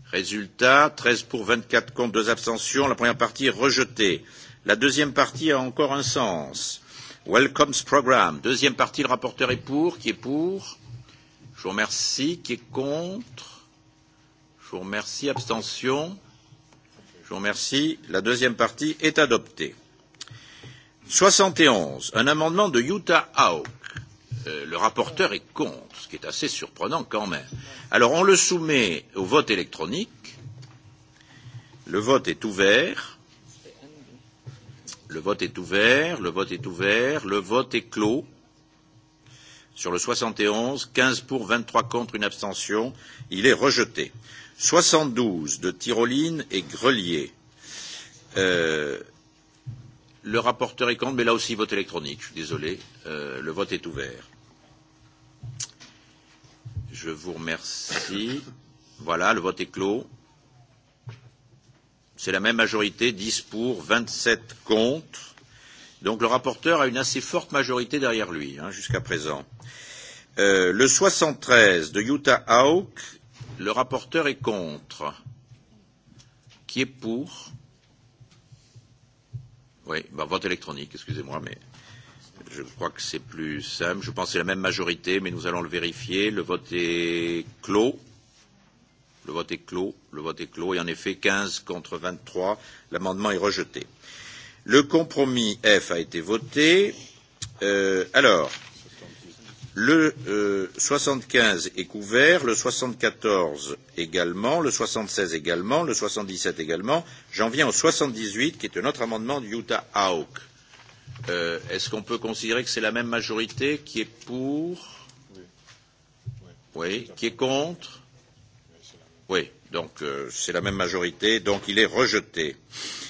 Résultat, 13 pour 24 contre, 2 abstentions. La première partie est rejetée. La deuxième partie a encore un sens. Welcomes Programme. Deuxième partie, le rapporteur est pour. Qui est pour Je vous remercie. Qui est contre Je vous remercie. Abstention Je vous remercie. La deuxième partie est adoptée. Soixante et onze, un amendement de Utah Hawk. le rapporteur est contre, ce qui est assez surprenant quand même. Alors on le soumet au vote électronique. Le vote est ouvert. Le vote est ouvert, le vote est ouvert, le vote est clos. Sur le 71, 15 pour, 23 contre, une abstention. Il est rejeté. 72 de Tyroline et Grelier. Euh, Le rapporteur est contre, mais là aussi vote électronique. Je suis désolé. Euh, le vote est ouvert. Je vous remercie. Voilà, le vote est clos. C'est la même majorité, 10 pour, 27 contre. Donc le rapporteur a une assez forte majorité derrière lui, hein, jusqu'à présent. Euh, le 73 de Utah Hawk, le rapporteur est contre. Qui est pour Oui, bah, vote électronique, excusez-moi, mais je crois que c'est plus simple. Je pense que c'est la même majorité, mais nous allons le vérifier. Le vote est clos. Le vote est clos. Le vote est clos. Et en effet, 15 contre 23, l'amendement est rejeté. Le compromis F a été voté. Euh, alors, Le soixante quinze est couvert, le soixante quatorze également, le soixante seize également, le soixante dix sept également. J'en viens au soixante dix huit, qui est un autre amendement de Utah Hawk. Est-ce qu'on peut considérer que c'est la même majorité qui est pour Oui. Qui est contre Oui. Donc c'est la même majorité. Donc il est rejeté. Euh,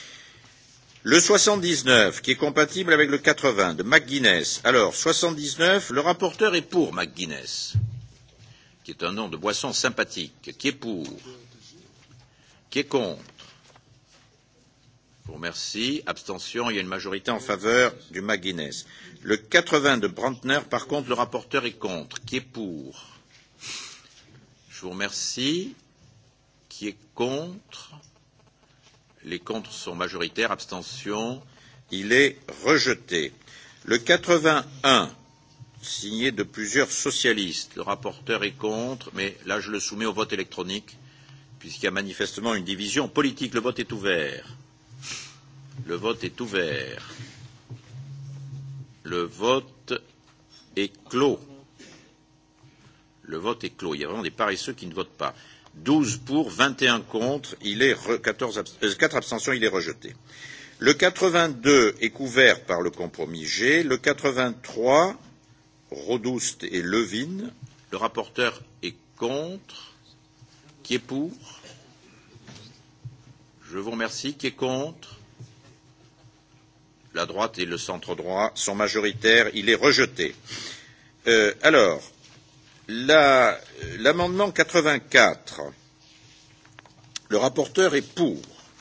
Le soixante dix neuf, qui est compatible avec le quatre vingts de McGuinness. Alors, soixante dix neuf, le rapporteur est pour McGuinness, qui est un nom de boisson sympathique, qui est pour, qui est contre. Je vous remercie. Abstention, il y a une majorité en faveur du McGuinness. Le quatre vingts de Brantner, par contre, le rapporteur est contre, qui est pour. Je vous remercie. Qui est contre Les contre sont majoritaires. Abstention. Il est rejeté. Le 81, signé de plusieurs socialistes. Le rapporteur est contre, mais là je le soumets au vote électronique, puisqu'il y a manifestement une division politique. Le vote est ouvert. Le vote est ouvert. Le vote est clos. Le vote est clos. Il y a vraiment des paresseux qui ne votent pas. 12 pour, 21 contre, il est re, 14 abs, euh, 4 abstentions, il est rejeté. Le 82 est couvert par le compromis G. Le 83, Rodoust et Levin. Le rapporteur est contre. Qui est pour Je vous remercie. Qui est contre La droite et le centre droit sont majoritaires. Il est rejeté. Euh, alors, L'amendement quatre-vingt quatre, le rapporteur est pour.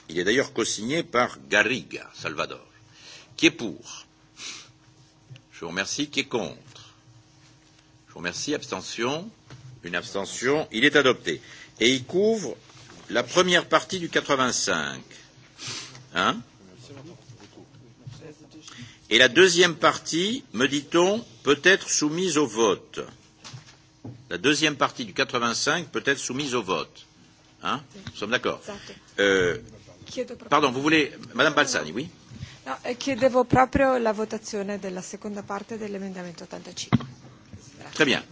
Il est d'ailleurs cosigné par Garriga Salvador. Qui est pour Je vous remercie. Qui est contre Je vous remercie. Abstention Une abstention. Il est adopté. Et il couvre la première partie du quatre-vingt-cinq. Hein Et la deuxième partie, me dit-on, peut être soumise au vote. La deuxième partie du 85 peut être soumise au vote. Hein Nous sommes d'accord. Euh, pardon, vous voulez. Madame Balsani, oui No, chiedevo proprio la votazione della seconda parte dell'emendamento 85. Grazie. Très bien.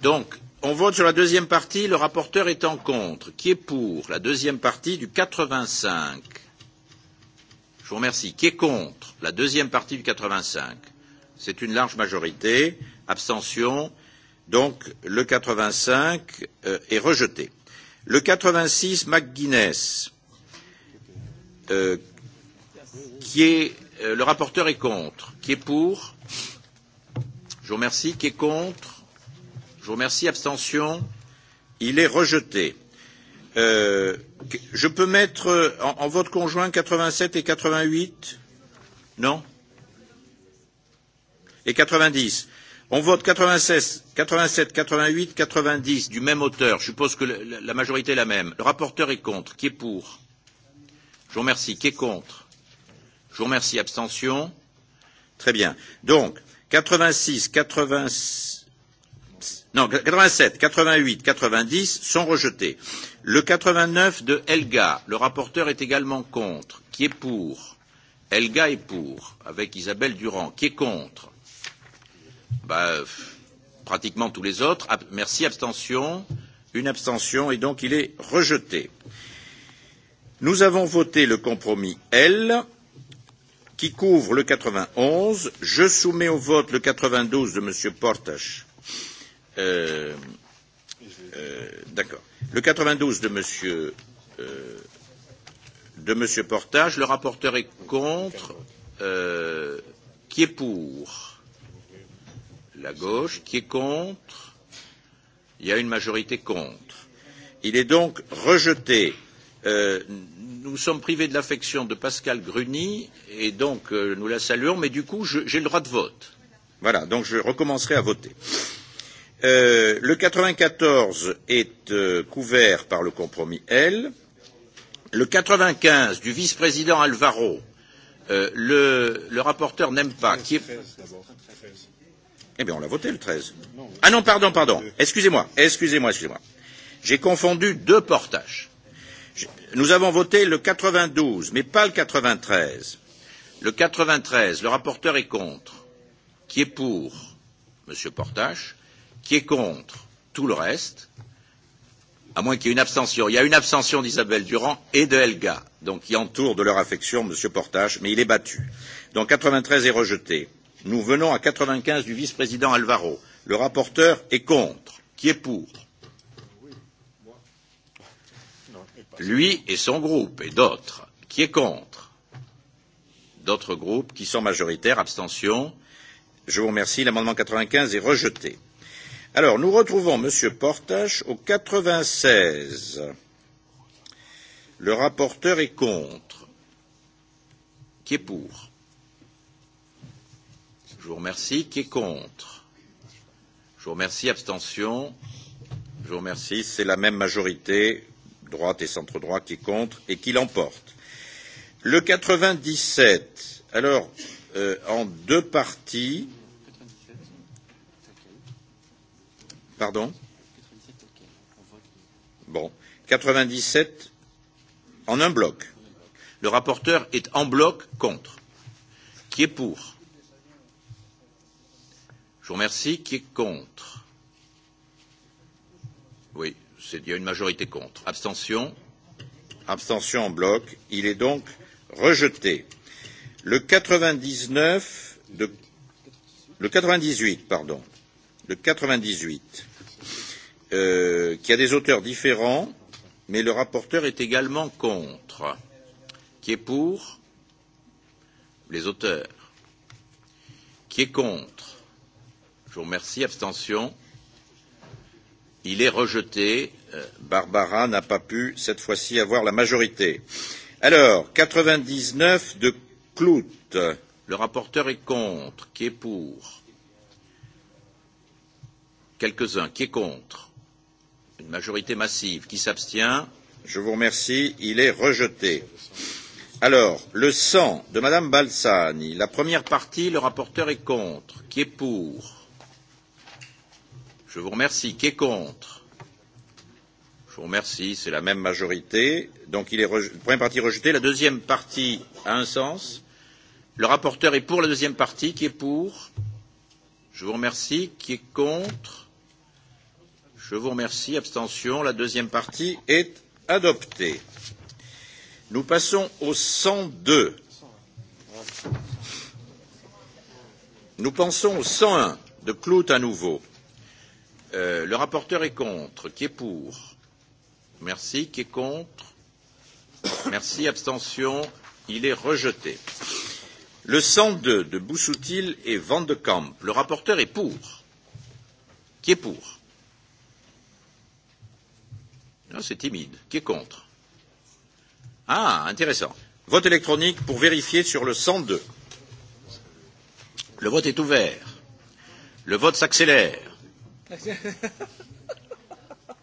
Donc, on vote sur la deuxième partie, le rapporteur est en contre. Qui est pour la deuxième partie du 85 Je vous remercie. Qui est contre la deuxième partie du 85 C'est une large majorité. Abstention Donc le quatre vingt cinq est rejeté. Le quatre vingt six McGuinness, qui est le rapporteur est contre, qui est pour. Je vous remercie. Qui est contre Je vous remercie. Abstention. Il est rejeté. Euh, je peux mettre en, en vote conjoint 87 et 88 Non Et 90 On vote 96, 87, 88, 90 du même auteur. Je suppose que la majorité est la même. Le rapporteur est contre. Qui est pour Je vous remercie. Qui est contre Je vous remercie. Abstention Très bien. Donc, 86, 86. Non, 87, 88, 90 sont rejetés. Le 89 de Helga, le rapporteur est également contre. Qui est pour Helga est pour, avec Isabelle Durand. Qui est contre bah, pratiquement tous les autres. merci, abstention. Une abstention et donc il est rejeté. Nous avons voté le compromis L qui couvre le 91. Je soumets au vote le 92 de M. Portache. Euh, euh, D'accord. Le 92 de M. Euh, de Monsieur Portage. Le rapporteur est contre. Euh, qui est pour la gauche, qui est contre, il y a une majorité contre. Il est donc rejeté. Euh, nous sommes privés de l'affection de Pascal Gruny et donc euh, nous la saluons, mais du coup j'ai le droit de vote. Voilà, donc je recommencerai à voter. Euh, le 94 est euh, couvert par le compromis L. Le 95 du vice-président Alvaro, euh, le, le rapporteur n'aime pas. Qui est... Eh bien, on l'a voté le 13. Ah non, pardon, pardon. Excusez-moi, excusez-moi, excusez-moi. J'ai confondu deux portages. Nous avons voté le 92, mais pas le 93. Le 93, le rapporteur est contre. Qui est pour Monsieur Portache Qui est contre Tout le reste à moins qu'il y ait une abstention. Il y a une abstention d'Isabelle Durand et de Helga, donc qui entoure de leur affection M. Portache, mais il est battu. Donc 93 est rejeté. Nous venons à quatre vingt quinze du vice-président Alvaro. Le rapporteur est contre. Qui est pour Lui et son groupe et d'autres. Qui est contre D'autres groupes qui sont majoritaires. Abstention. Je vous remercie. L'amendement quatre-vingt-quinze est rejeté. Alors, nous retrouvons M. Portache au 96. Le rapporteur est contre. Qui est pour Je vous remercie. Qui est contre Je vous remercie. Abstention Je vous remercie. C'est la même majorité, droite et centre-droit, qui est contre et qui l'emporte. Le 97, alors, euh, en deux parties. Pardon Bon. 97 en un bloc. Le rapporteur est en bloc contre. Qui est pour Je vous remercie. Qui est contre Oui, c'est il y a une majorité contre. Abstention Abstention en bloc. Il est donc rejeté. Le 99 de le 98, pardon. Le 98, euh, qui a des auteurs différents, mais le rapporteur est également contre. Qui est pour Les auteurs. Qui est contre Je vous remercie. Abstention. Il est rejeté. Barbara n'a pas pu, cette fois-ci, avoir la majorité. Alors, 99 de Clout. Le rapporteur est contre. Qui est pour Quelques-uns. Qui est contre Une majorité massive. Qui s'abstient Je vous remercie. Il est rejeté. Alors, le sang de Madame Balsani, la première partie, le rapporteur est contre. Qui est pour Je vous remercie. Qui est contre Je vous remercie. C'est la même majorité. Donc il est la première partie rejetée. La deuxième partie a un sens. Le rapporteur est pour la deuxième partie. Qui est pour Je vous remercie. Qui est contre Je vous remercie. Abstention. La deuxième partie est adoptée. Nous passons au 102. Nous pensons au 101 de Clout à nouveau le rapporteur est contre. Qui est pour Merci. Qui est contre Merci. Abstention. Il est rejeté. Le cent deux de Boussoutil et Van de Kamp. Le rapporteur est pour. Qui est pour Non, c'est timide. Qui est contre Ah, intéressant. Vote électronique pour vérifier sur le cent deux. Le vote est ouvert. Le vote s'accélère.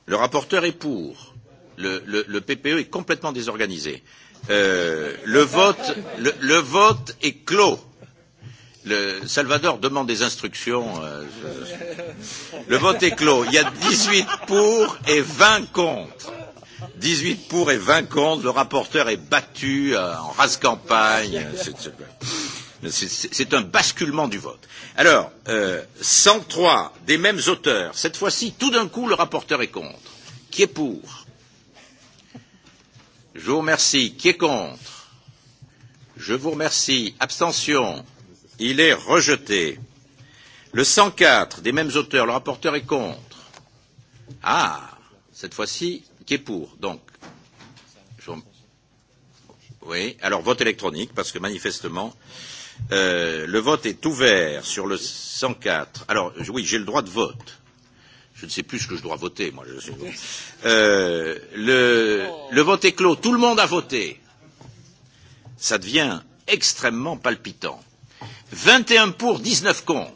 Le rapporteur est pour. Le, le, le PPE est complètement désorganisé. Euh, le, vote, le, le vote est clos. Le Salvador demande des instructions. Euh, je... Le vote est clos. Il y a 18 pour et 20 contre. 18 pour et 20 contre. Le rapporteur est battu euh, en rase campagne. C'est... C'est un basculement du vote. Alors, euh, 103 des mêmes auteurs. Cette fois-ci, tout d'un coup, le rapporteur est contre. Qui est pour Je vous remercie. Qui est contre Je vous remercie. Abstention. Il est rejeté. Le 104 des mêmes auteurs. Le rapporteur est contre. Ah, cette fois-ci, qui est pour Donc, oui. Alors, vote électronique parce que manifestement le vote est ouvert sur le 104. Alors, oui, j'ai le droit de vote. Je ne sais plus ce que je dois voter, moi. Je sais. Euh, le, le vote est clos. Tout le monde a voté. Ça devient extrêmement palpitant. 21 pour, 19 contre.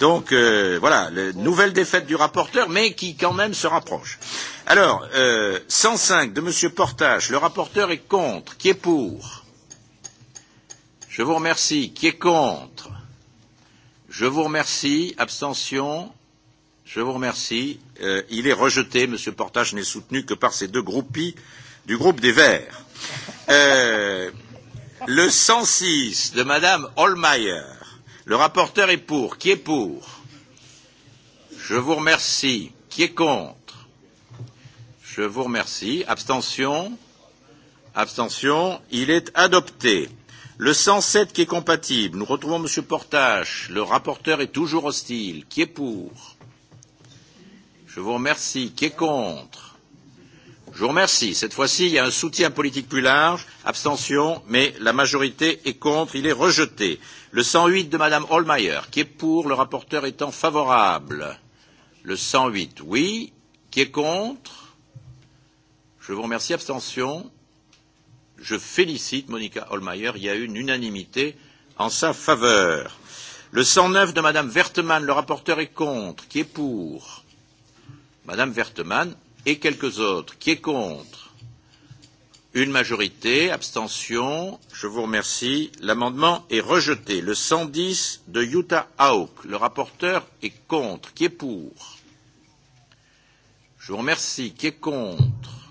Donc euh, voilà, le, nouvelle défaite du rapporteur, mais qui quand même se rapproche. Alors, euh, 105 de M. Portage, le rapporteur est contre. Qui est pour Je vous remercie. Qui est contre Je vous remercie. Abstention Je vous remercie. Euh, il est rejeté. Monsieur Portage n'est soutenu que par ces deux groupies du groupe des Verts. Euh, le 106 de Madame Holmeyer. Le rapporteur est pour. Qui est pour Je vous remercie. Qui est contre Je vous remercie. Abstention Abstention. Il est adopté. Le 107 qui est compatible. Nous retrouvons M. Portage. Le rapporteur est toujours hostile. Qui est pour Je vous remercie. Qui est contre Je vous remercie. Cette fois-ci, il y a un soutien politique plus large. Abstention, mais la majorité est contre. Il est rejeté. Le 108 de Mme Holmeyer. Qui est pour Le rapporteur étant favorable. Le 108, oui. Qui est contre Je vous remercie. Abstention je félicite Monica Holmeyer, il y a eu une unanimité en sa faveur. Le 109 de Madame Vertemann, le rapporteur est contre, qui est pour Madame Vertemann et quelques autres, qui est contre Une majorité, abstention, je vous remercie, l'amendement est rejeté. Le 110 de Utah Hawk, le rapporteur est contre, qui est pour Je vous remercie, qui est contre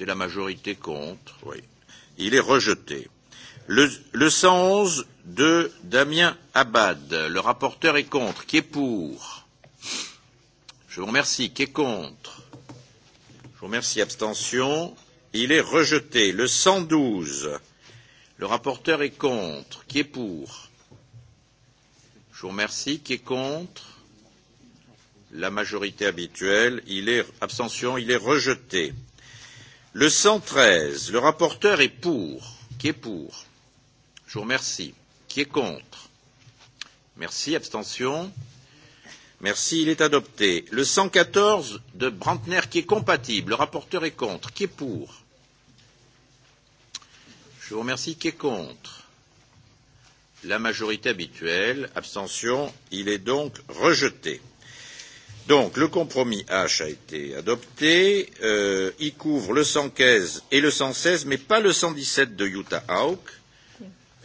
C'est la majorité contre, oui. Il est rejeté. Le, le 111 de Damien Abad. Le rapporteur est contre. Qui est pour Je vous remercie. Qui est contre Je vous remercie. Abstention. Il est rejeté. Le 112. Le rapporteur est contre. Qui est pour Je vous remercie. Qui est contre La majorité habituelle. Il est abstention. Il est rejeté. Le cent treize, le rapporteur est pour. Qui est pour Je vous remercie. Qui est contre Merci. Abstention Merci. Il est adopté. Le cent quatorze de Brantner qui est compatible. Le rapporteur est contre. Qui est pour Je vous remercie. Qui est contre La majorité habituelle. Abstention. Il est donc rejeté. Donc, le compromis H a été adopté. Euh, il couvre le 115 et le 116, mais pas le 117 de Utah Hawk.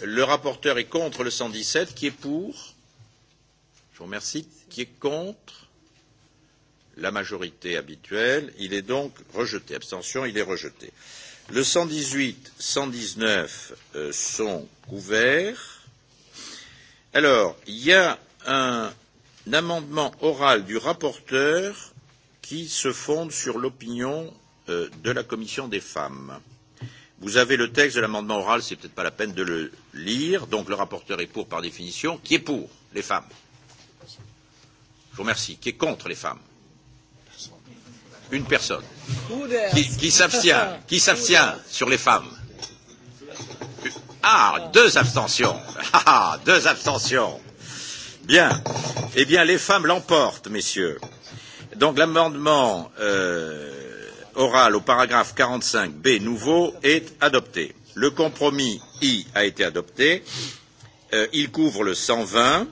Le rapporteur est contre le 117. Qui est pour Je vous remercie. Qui est contre La majorité habituelle. Il est donc rejeté. Abstention, il est rejeté. Le 118, 119 euh, sont couverts. Alors, il y a un d'amendement oral du rapporteur qui se fonde sur l'opinion de la commission des femmes. Vous avez le texte de l'amendement oral, c'est peut-être pas la peine de le lire. Donc le rapporteur est pour par définition. Qui est pour les femmes Je vous remercie. Qui est contre les femmes Une personne. qui s'abstient Qui s'abstient sur les femmes Ah, deux abstentions. Ah, deux abstentions. Bien. Eh bien, les femmes l'emportent, messieurs. Donc l'amendement euh, oral au paragraphe 45B nouveau est adopté. Le compromis I a été adopté. Euh, il couvre le 120.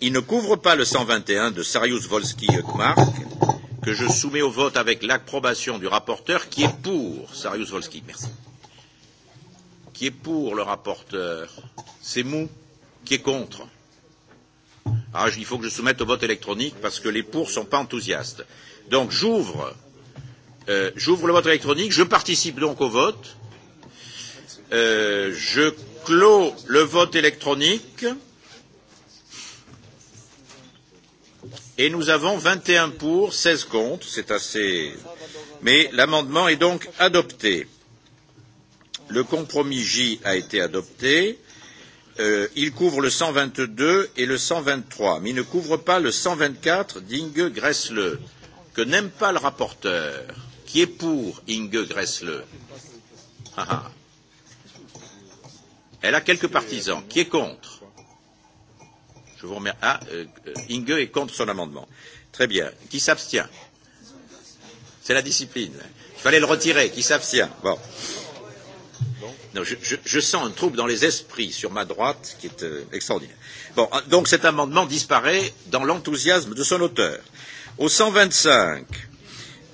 Il ne couvre pas le 121 de Sarius Volski Ekmark, que je soumets au vote avec l'approbation du rapporteur, qui est pour Sarius Volski. Merci. Qui est pour le rapporteur C'est mou. Qui est contre Ah, il faut que je soumette au vote électronique parce que les pour ne sont pas enthousiastes. Donc j'ouvre, euh, j'ouvre le vote électronique, je participe donc au vote. Euh, je clos le vote électronique. Et nous avons 21 pour, 16 contre, c'est assez. Mais l'amendement est donc adopté. Le compromis J a été adopté il couvre le cent vingt deux et le cent vingt trois, mais il ne couvre pas le cent vingt quatre d'Inge Gressle, que n'aime pas le rapporteur, qui est pour Inge Gressle. Elle a quelques partisans. Qui est contre Je vous remercie. Ah, Inge est contre son amendement. Très bien. Qui s'abstient C'est la discipline. Il fallait le retirer. Qui s'abstient Bon. Non, je, je, je sens un trouble dans les esprits sur ma droite qui est euh, extraordinaire. Bon, donc cet amendement disparaît dans l'enthousiasme de son auteur. Au 125,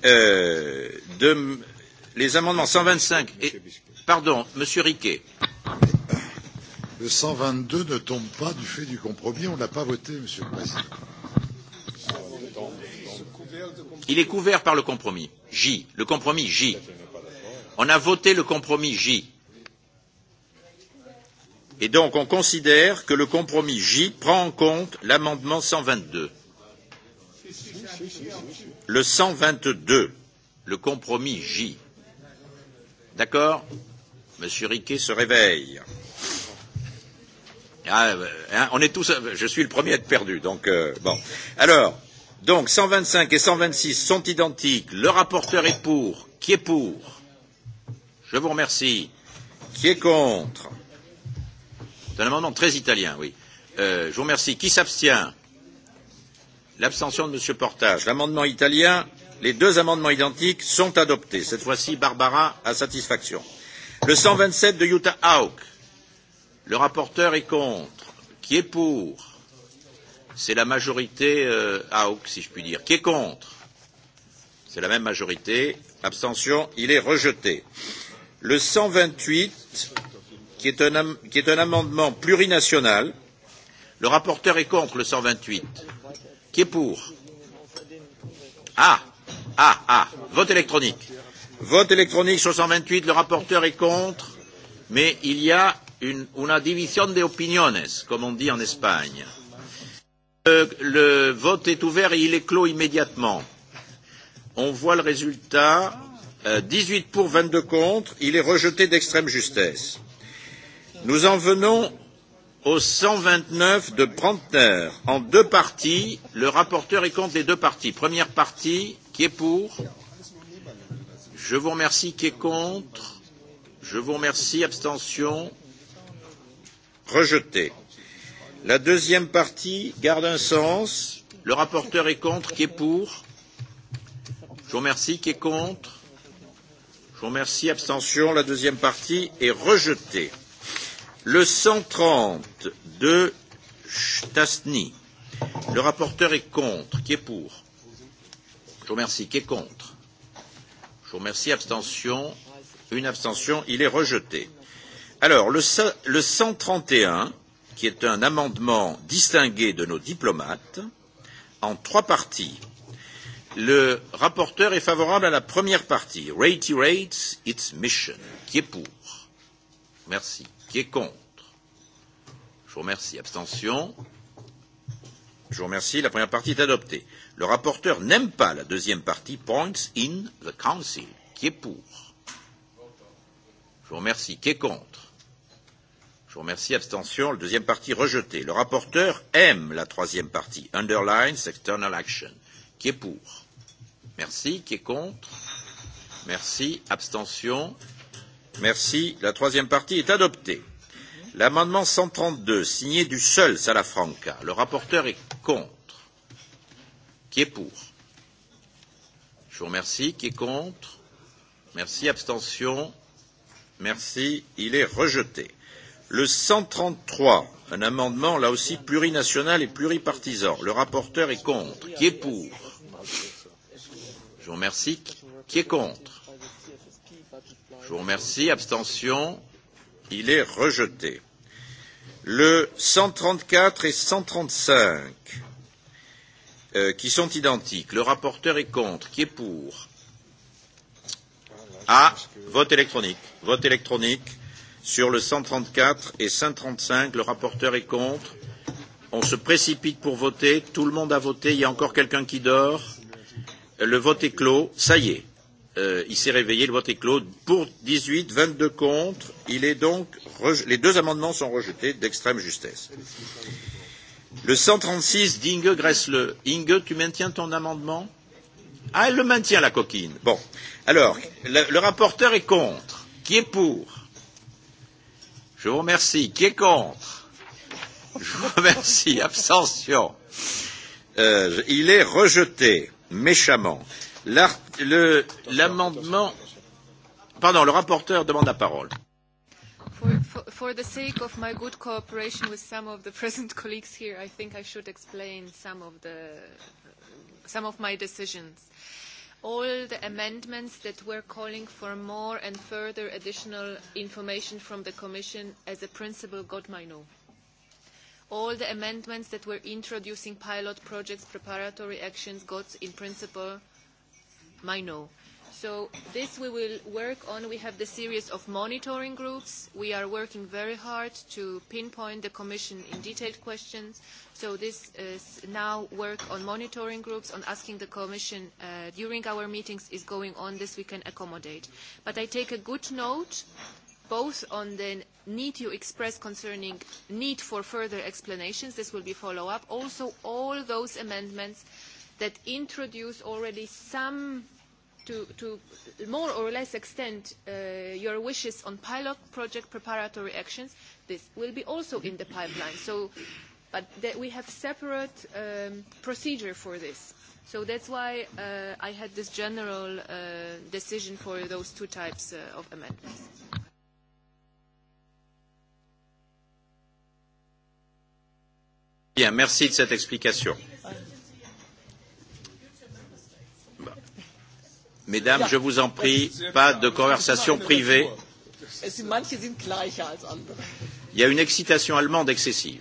euh, de, les amendements 125 et. Pardon, Monsieur Riquet. Le 122 ne tombe pas du fait du compromis, on ne l'a pas voté, Monsieur le Président. Il est couvert par le compromis J, le compromis J. On a voté le compromis J. Et donc, on considère que le compromis J prend en compte l'amendement 122. Le 122, le compromis J. D'accord Monsieur Riquet se réveille. Ah, hein, on est tous, je suis le premier à être perdu, donc euh, bon. Alors, donc 125 et 126 sont identiques. Le rapporteur est pour. Qui est pour Je vous remercie. Qui est contre C'est un amendement très italien, oui. Euh, je vous remercie. Qui s'abstient L'abstention de M. Portage. L'amendement italien, les deux amendements identiques sont adoptés. Cette fois-ci, Barbara a satisfaction. Le 127 de Utah Hawk. Le rapporteur est contre. Qui est pour C'est la majorité euh, Hawk, si je puis dire. Qui est contre C'est la même majorité. Abstention, il est rejeté. Le 128 qui est un, amendement plurinational. Le rapporteur est contre le cent vingt huit. Qui est pour Ah Ah Ah Vote électronique. Vote électronique sur cent vingt huit. Le rapporteur est contre, mais il y a une, una division de opiniones, comme on dit en Espagne. Le, le vote est ouvert et il est clos immédiatement. On voit le résultat. dix huit pour, vingt deux contre. Il est rejeté d'extrême justesse. Nous en venons au 129 de Brandner en deux parties. Le rapporteur est contre les deux parties. Première partie, qui est pour Je vous remercie. Qui est contre Je vous remercie. Abstention Rejeté. La deuxième partie garde un sens. Le rapporteur est contre. Qui est pour Je vous remercie. Qui est contre Je vous remercie. Abstention. La deuxième partie est rejetée. Le 130 de Stasny. Le rapporteur est contre. Qui est pour Je vous remercie. Qui est contre Je vous remercie. Abstention. Une abstention. Il est rejeté. Alors, le, le 131, qui est un amendement distingué de nos diplomates, en trois parties. Le rapporteur est favorable à la première partie. Reiterates its mission. Qui est pour Merci. Qui est contre Je vous remercie. Abstention Je vous remercie. La première partie est adoptée. Le rapporteur n'aime pas la deuxième partie, Points in the Council. Qui est pour Je vous remercie. Qui est contre Je vous remercie. Abstention. La deuxième partie rejetée. Le rapporteur aime la troisième partie, Underlines External Action. Qui est pour Merci. Qui est contre Merci. Abstention. Merci. La troisième partie est adoptée. L'amendement cent trente deux, signé du seul Salafranca. Le rapporteur est contre. Qui est pour Je vous remercie. Qui est contre Merci. Abstention Merci. Il est rejeté. Le cent trente trois, un amendement là aussi plurinational et pluripartisan. Le rapporteur est contre. Qui est pour Je vous remercie. Qui est contre vous remercie. Abstention. Il est rejeté. Le 134 et 135 euh, qui sont identiques. Le rapporteur est contre. Qui est pour Ah, vote électronique. Vote électronique sur le 134 et 135. Le rapporteur est contre. On se précipite pour voter. Tout le monde a voté. Il y a encore quelqu'un qui dort. Le vote est clos. Ça y est. Euh, il s'est réveillé, le vote est clos. Pour 18, 22 contre. Il est donc les deux amendements sont rejetés d'extrême justesse. Le 136 d'Inge Gressle. Inge, tu maintiens ton amendement Ah, elle le maintient, la coquine. Bon. Alors, le, le rapporteur est contre. Qui est pour Je vous remercie. Qui est contre Je vous remercie. Abstention. Euh, il est rejeté méchamment. L'art l'amendement. Pardon, le rapporteur demande la parole. For the sake of my good cooperation with some of the present colleagues here, I think I should explain some of the some of my decisions. All the amendments that were calling for more and further additional information from the Commission as a principle got my no. All the amendments that were introducing pilot projects, preparatory actions got in principle Maino. So this we will work on. We have the series of monitoring groups. We are working very hard to pinpoint the Commission in detailed questions. So this is now work on monitoring groups, on asking the Commission uh, during our meetings is going on. This we can accommodate. But I take a good note both on the need you express concerning need for further explanations, this will be follow-up, also all those amendments that introduce already some to, to more or less extent uh, your wishes on pilot project preparatory actions. This will be also in the pipeline. So, but that we have separate um, procedure for this. So that's why uh, I had this general uh, decision for those two types uh, of amendments. Bien, merci de cette explication. Mesdames, je vous en prie, pas de conversation privée. Il y a une excitation allemande excessive.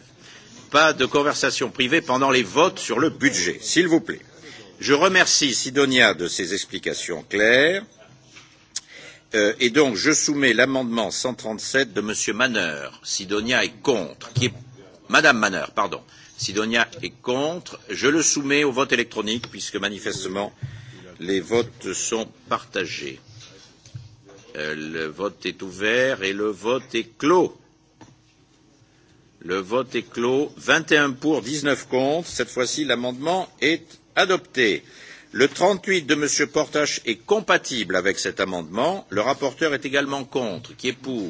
Pas de conversation privée pendant les votes sur le budget, s'il vous plaît. Je remercie Sidonia de ses explications claires. et donc, je soumets l'amendement cent trente sept de M. Manner. Sidonia est contre. Qui est... Madame Manner, pardon. Sidonia est contre. Je le soumets au vote électronique, puisque manifestement, Les votes sont partagés. Le vote est ouvert et le vote est clos. Le vote est clos. 21 pour, 19 contre. Cette fois-ci, l'amendement est adopté. Le 38 de M. Portache est compatible avec cet amendement. Le rapporteur est également contre. Qui est pour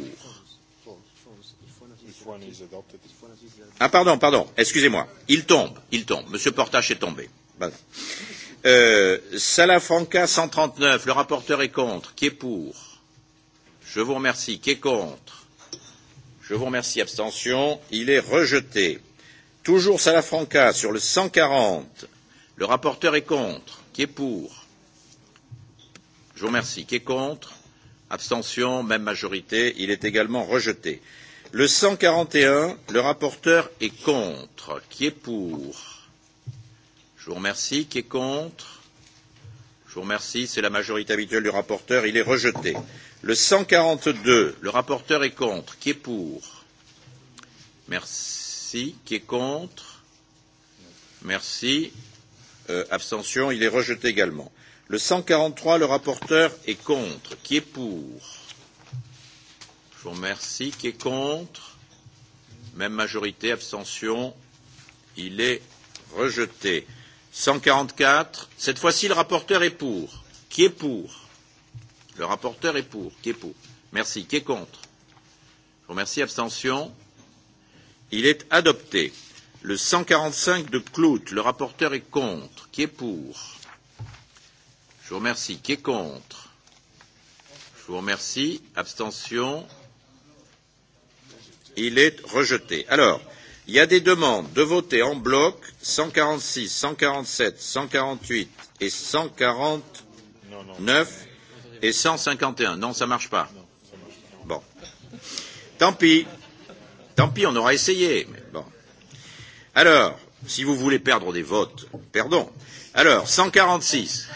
Ah pardon, pardon, excusez-moi. Il tombe, il tombe. M. Portache est tombé. Voilà cent Salafranca 139, le rapporteur est contre. Qui est pour Je vous remercie. Qui est contre Je vous remercie. Abstention. Il est rejeté. Toujours Salafranca sur le 140. Le rapporteur est contre. Qui est pour Je vous remercie. Qui est contre Abstention, même majorité. Il est également rejeté. Le 141, le rapporteur est contre. Qui est pour vous remercie. Qui est contre Je vous remercie. C'est la majorité habituelle du rapporteur. Il est rejeté. Le 142, le rapporteur est contre. Qui est pour Merci. Qui est contre Merci. Euh, abstention, il est rejeté également. Le 143, le rapporteur est contre. Qui est pour Je vous remercie. Qui est contre Même majorité, abstention. Il est rejeté cent quarante quatre. Cette fois-ci, le rapporteur est pour. Qui est pour Le rapporteur est pour. Qui est pour Merci. Qui est contre Je vous remercie. Abstention. Il est adopté. Le cent quarante cinq de Clout, le rapporteur est contre. Qui est pour Je vous remercie. Qui est contre Je vous remercie. Abstention. Il est rejeté. Alors, Il y a des demandes de voter en bloc cent quarante six, cent quarante sept, cent quarante huit et cent quarante neuf et cent cinquante et un. Non, ça ne marche pas. Bon. Tant pis. Tant pis, on aura essayé. Mais bon. Alors, si vous voulez perdre des votes, perdons. Alors, cent quarante six.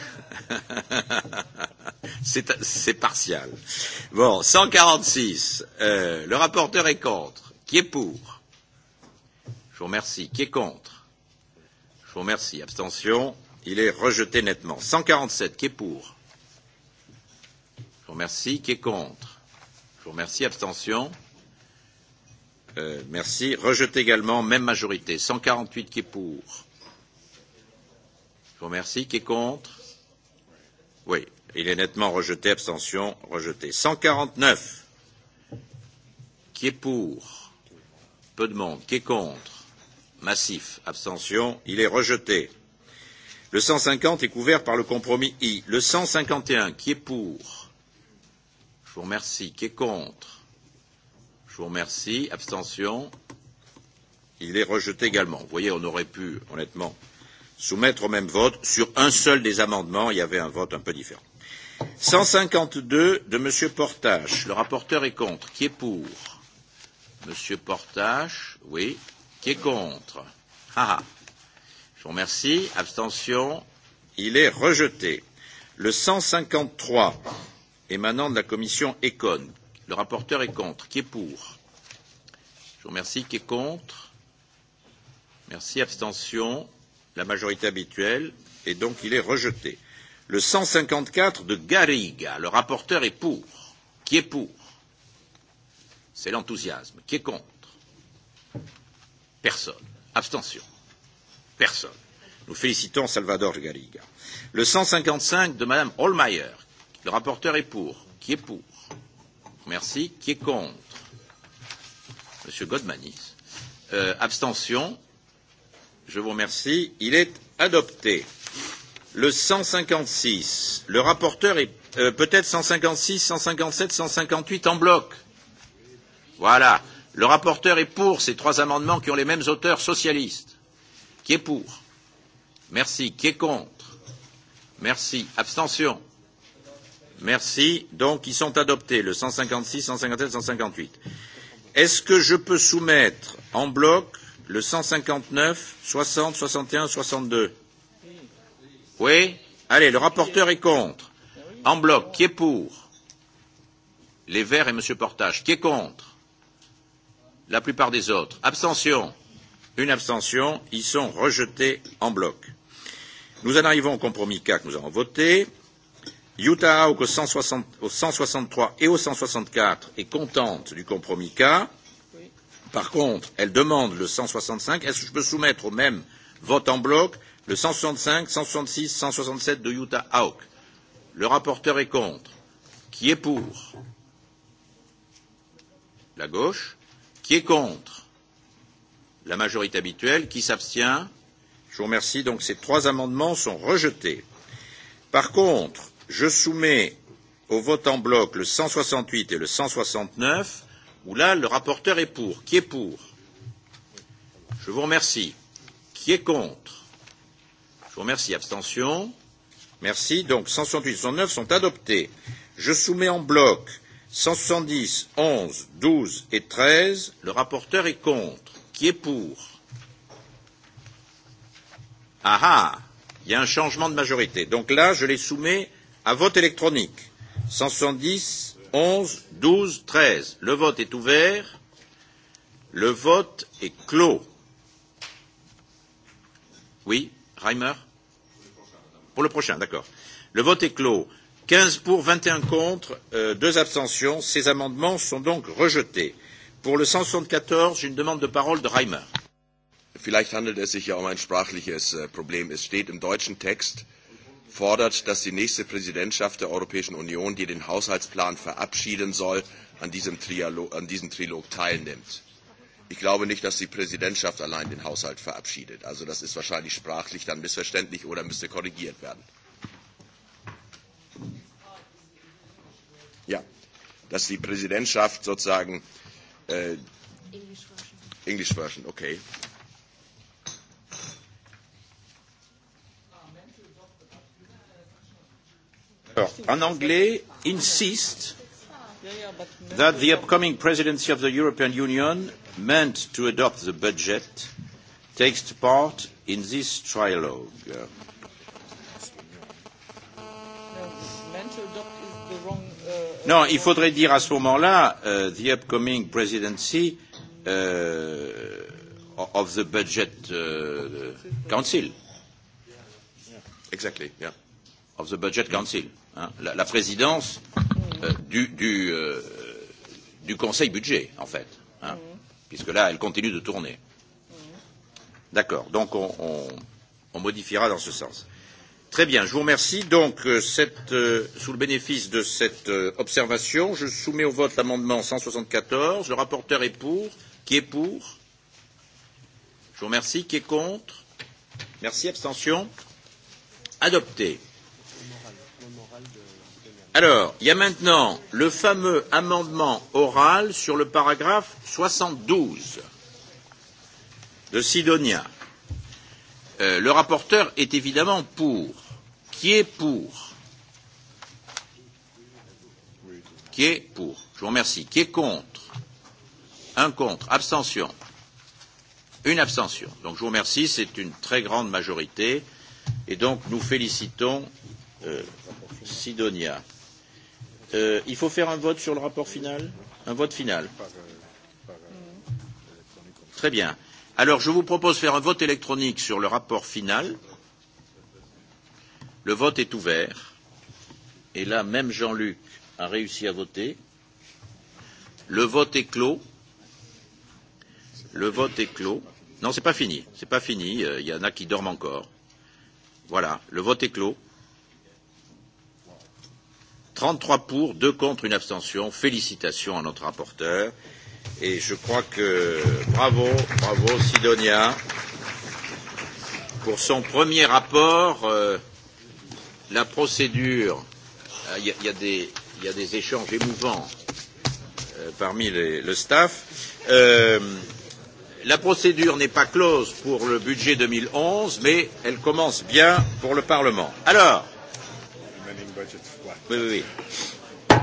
C'est partial. Bon, cent quarante six. le rapporteur est contre. Qui est pour Je vous remercie. Qui est contre Je vous remercie. Abstention. Il est rejeté nettement. 147. Qui est pour Je vous remercie. Qui est contre Je vous remercie. Abstention. Euh, merci. Rejeté également. Même majorité. 148. Qui est pour Je vous remercie. Qui est contre Oui. Il est nettement rejeté. Abstention. Rejeté. 149. Qui est pour Peu de monde. Qui est contre massif. Abstention. Il est rejeté. Le cent cinquante est couvert par le compromis I. Le cent cinquante et un, qui est pour Je vous remercie. Qui est contre Je vous remercie. Abstention. Il est rejeté également. Vous voyez, on aurait pu, honnêtement, soumettre au même vote. Sur un seul des amendements, il y avait un vote un peu différent. Cent cinquante deux de M. Portache. Le rapporteur est contre. Qui est pour Monsieur Portache, oui. Qui est contre Ah Je vous remercie. Abstention. Il est rejeté. Le 153 émanant de la commission Econ. Le rapporteur est contre. Qui est pour Je vous remercie. Qui est contre Merci. Abstention. La majorité habituelle. Et donc il est rejeté. Le 154 de Garriga. Le rapporteur est pour. Qui est pour C'est l'enthousiasme. Qui est contre Personne. Abstention. Personne. Nous félicitons Salvador Garriga. Le 155 de Madame Holmeyer. Le rapporteur est pour. Qui est pour Merci. Qui est contre Monsieur Godmanis. Euh, abstention. Je vous remercie. Il est adopté. Le 156. Le rapporteur est euh, peut-être 156, 157, 158 en bloc. Voilà. Le rapporteur est pour ces trois amendements qui ont les mêmes auteurs socialistes. Qui est pour Merci. Qui est contre Merci. Abstention Merci. Donc, ils sont adoptés, le 156, 157, 158. Est-ce que je peux soumettre en bloc le 159, 60, 61, 62 Oui Allez, le rapporteur est contre. En bloc, qui est pour Les Verts et M. Portage. Qui est contre la plupart des autres. Abstention Une abstention. Ils sont rejetés en bloc. Nous en arrivons au compromis K que nous avons voté. Utah Hawk au, au 163 et au 164 est contente du compromis K. Par contre, elle demande le 165. Est-ce que je peux soumettre au même vote en bloc le 165, 166, 167 de Utah Hawk Le rapporteur est contre. Qui est pour La gauche Qui est contre La majorité habituelle. Qui s'abstient Je vous remercie. Donc ces trois amendements sont rejetés. Par contre, je soumets au vote en bloc le 168 et le 169, où là, le rapporteur est pour. Qui est pour Je vous remercie. Qui est contre Je vous remercie. Abstention Merci. Donc 168 et 169 sont adoptés. Je soumets en bloc 170, 11, 12 et 13. Le rapporteur est contre. Qui est pour Ah ah Il y a un changement de majorité. Donc là, je les soumets à vote électronique. 170, 11, 12, 13. Le vote est ouvert. Le vote est clos. Oui, Reimer Pour le prochain, d'accord. Le vote est clos quinze pour, vingt et un contre, deux abstentions. Ces amendements sont donc rejetés. Pour le cent soixante quatorze, une demande de parole de Reimer. Vielleicht handelt es sich ja um ein sprachliches Problem. Es steht im deutschen Text, fordert, dass die nächste Präsidentschaft der Europäischen Union, die den Haushaltsplan verabschieden soll, an diesem, Trilog teilnimmt. Ich glaube nicht, dass die Präsidentschaft allein den Haushalt verabschiedet. Also das ist wahrscheinlich sprachlich dann missverständlich oder müsste korrigiert werden. Ja, dass die Präsidentschaft sozusagen äh, English version, okay. En anglais, insist that the upcoming presidency of the European Union, meant to adopt the budget, takes part in this trilogue. Non, il faudrait dire à ce moment-là, uh, the upcoming presidency uh, of the budget uh, council. Exactly, yeah. Of the budget council. Hein, la, la présidence euh, du, du, euh, du conseil budget, en fait. Hein, Puisque là, elle continue de tourner. D'accord. Donc, on, on, on modifiera dans ce sens. Très bien, je vous remercie. Donc, cette, sous le bénéfice de cette observation, je soumets au vote l'amendement 174. Le rapporteur est pour. Qui est pour Je vous remercie. Qui est contre Merci. Abstention Adopté. Alors, il y a maintenant le fameux amendement oral sur le paragraphe 72 de Sidonia. Euh, le rapporteur est évidemment pour. Qui est pour Qui est pour Je vous remercie. Qui est contre Un contre. Abstention. Une abstention. Donc je vous remercie, c'est une très grande majorité. Et donc nous félicitons euh, Sidonia. Euh, il faut faire un vote sur le rapport final Un vote final Très bien. Alors je vous propose de faire un vote électronique sur le rapport final. Le vote est ouvert. Et là, même Jean-Luc a réussi à voter. Le vote est clos. Le vote est clos. Non, n'est pas fini. C'est pas fini. Il y en a qui dorment encore. Voilà. Le vote est clos. 33 pour, 2 contre, une abstention. Félicitations à notre rapporteur. Et je crois que bravo, bravo Sidonia pour son premier rapport. Euh, la procédure, il y, a, y, des, y a des échanges émouvants euh, parmi les, le staff. Euh, la procédure n'est pas close pour le budget 2011, mais elle commence bien pour le Parlement. Alors, oui, oui, oui.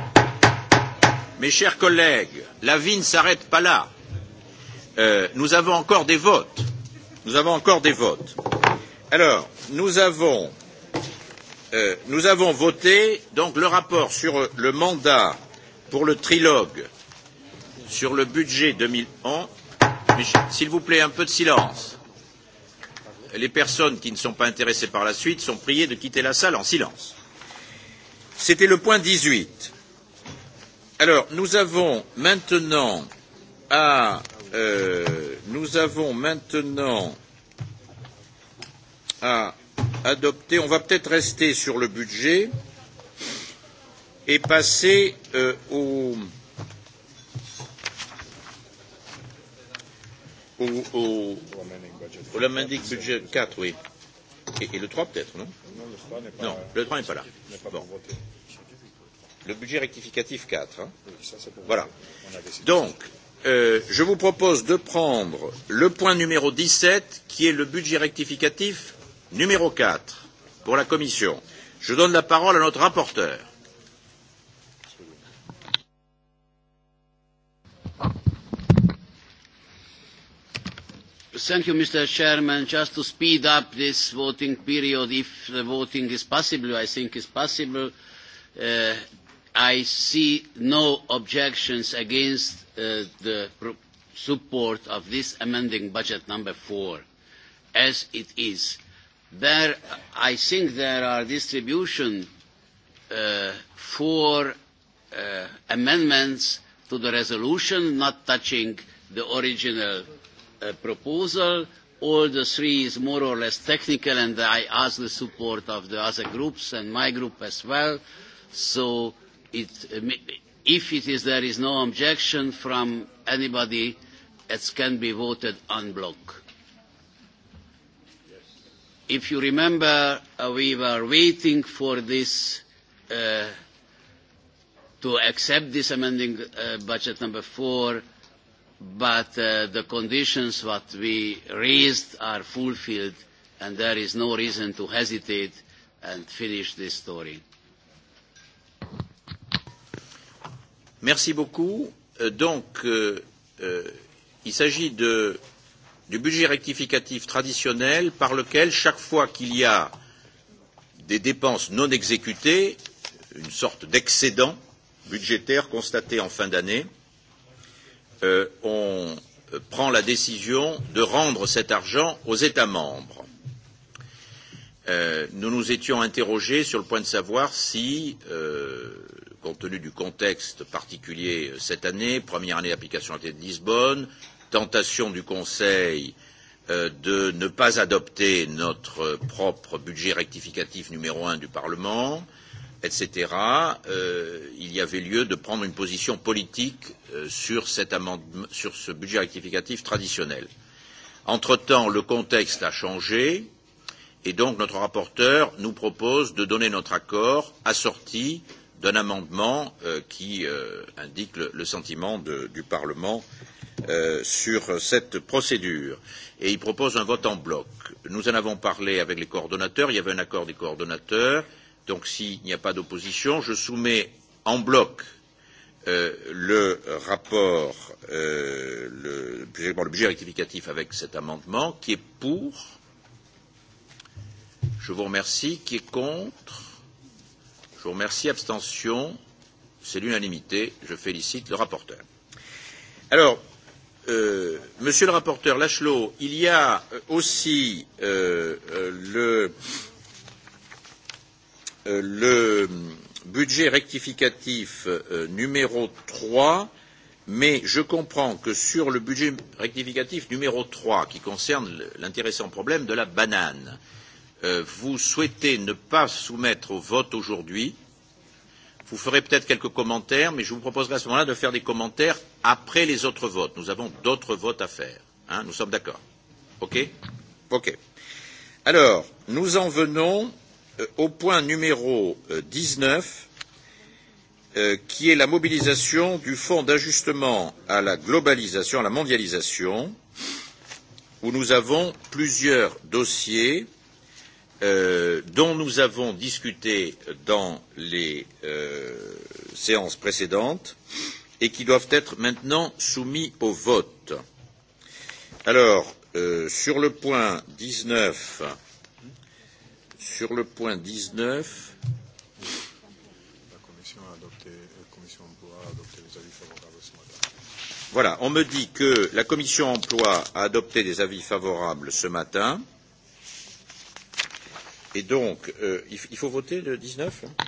mes chers collègues, la vie ne s'arrête pas là. Euh, nous avons encore des votes. Nous avons encore des votes. Alors, nous avons nous avons voté donc le rapport sur le mandat pour le trilogue sur le budget deux mille onze. S'il vous plaît, un peu de silence. Les personnes qui ne sont pas intéressées par la suite sont priées de quitter la salle en silence. C'était le point dix huit. Alors, nous avons maintenant à nous avons maintenant à adopté. On va peut-être rester sur le budget et passer euh, au, au, au, au Lamandic budget 4, oui. Et, et le 3 peut-être, non Non, le 3 n'est pas là. Bon. Le budget rectificatif 4. Hein. Voilà. Donc, euh, je vous propose de prendre le point numéro 17, qui est le budget rectificatif numéro quatre pour la Commission. Je donne la parole à notre rapporteur. Thank you, Mr. Chairman. Just to speed up this voting period, if the voting is possible, I think is possible. Uh, I see no objections against uh, the support of this amending budget number four as it is there I think there are distribution uh, for uh, amendments to the resolution not touching the original uh, proposal. All the three is more or less technical and I ask the support of the other groups and my group as well. So it, if it is, there is no objection from anybody, it can be voted en bloc If you remember, we were waiting for this to accept this amending budget number four, but the conditions that we raised are fulfilled, and there is no reason to hesitate and finish this story. Merci beaucoup. Donc, il s'agit de du budget rectificatif traditionnel par lequel, chaque fois qu'il y a des dépenses non exécutées, une sorte d'excédent budgétaire constaté en fin d'année, on prend la décision de rendre cet argent aux États membres. nous nous étions interrogés sur le point de savoir si, compte tenu du contexte particulier cette année, première année d'application de Lisbonne, tentation du Conseil de ne pas adopter notre propre budget rectificatif numéro un du Parlement, etc., il y avait lieu de prendre une position politique sur, ce budget rectificatif traditionnel. Entre-temps, le contexte a changé et donc notre rapporteur nous propose de donner notre accord assorti d'un amendement qui indique le, sentiment du Parlement euh, sur cette procédure et il propose un vote en bloc. Nous en avons parlé avec les coordonnateurs, il y avait un accord des coordonnateurs, donc s'il n'y a pas d'opposition, je soumets en bloc le rapport, le, budget rectificatif avec cet amendement, qui est pour, je vous remercie, qui est contre, je vous remercie, abstention, c'est l'unanimité, je félicite le rapporteur. Alors, monsieur le rapporteur Lachelot, il y a aussi le, budget rectificatif numéro trois, mais je comprends que sur le budget rectificatif numéro trois, qui concerne l'intéressant problème de la banane, vous souhaitez ne pas soumettre au vote aujourd'hui Vous ferez peut-être quelques commentaires, mais je vous proposerai à ce moment-là de faire des commentaires après les autres votes. Nous avons d'autres votes à faire. Hein nous sommes d'accord. OK OK. Alors, nous en venons au point numéro dix neuf, qui est la mobilisation du Fonds d'ajustement à la globalisation, à la mondialisation, où nous avons plusieurs dossiers dont nous avons discuté dans les séances précédentes et qui doivent être maintenant soumis au vote. Alors, sur le point dix neuf sur le point dix neuf Voilà, on me dit que la commission emploi a adopté des avis favorables ce matin. Euh, Et donc, euh, il, faut voter le 19 hein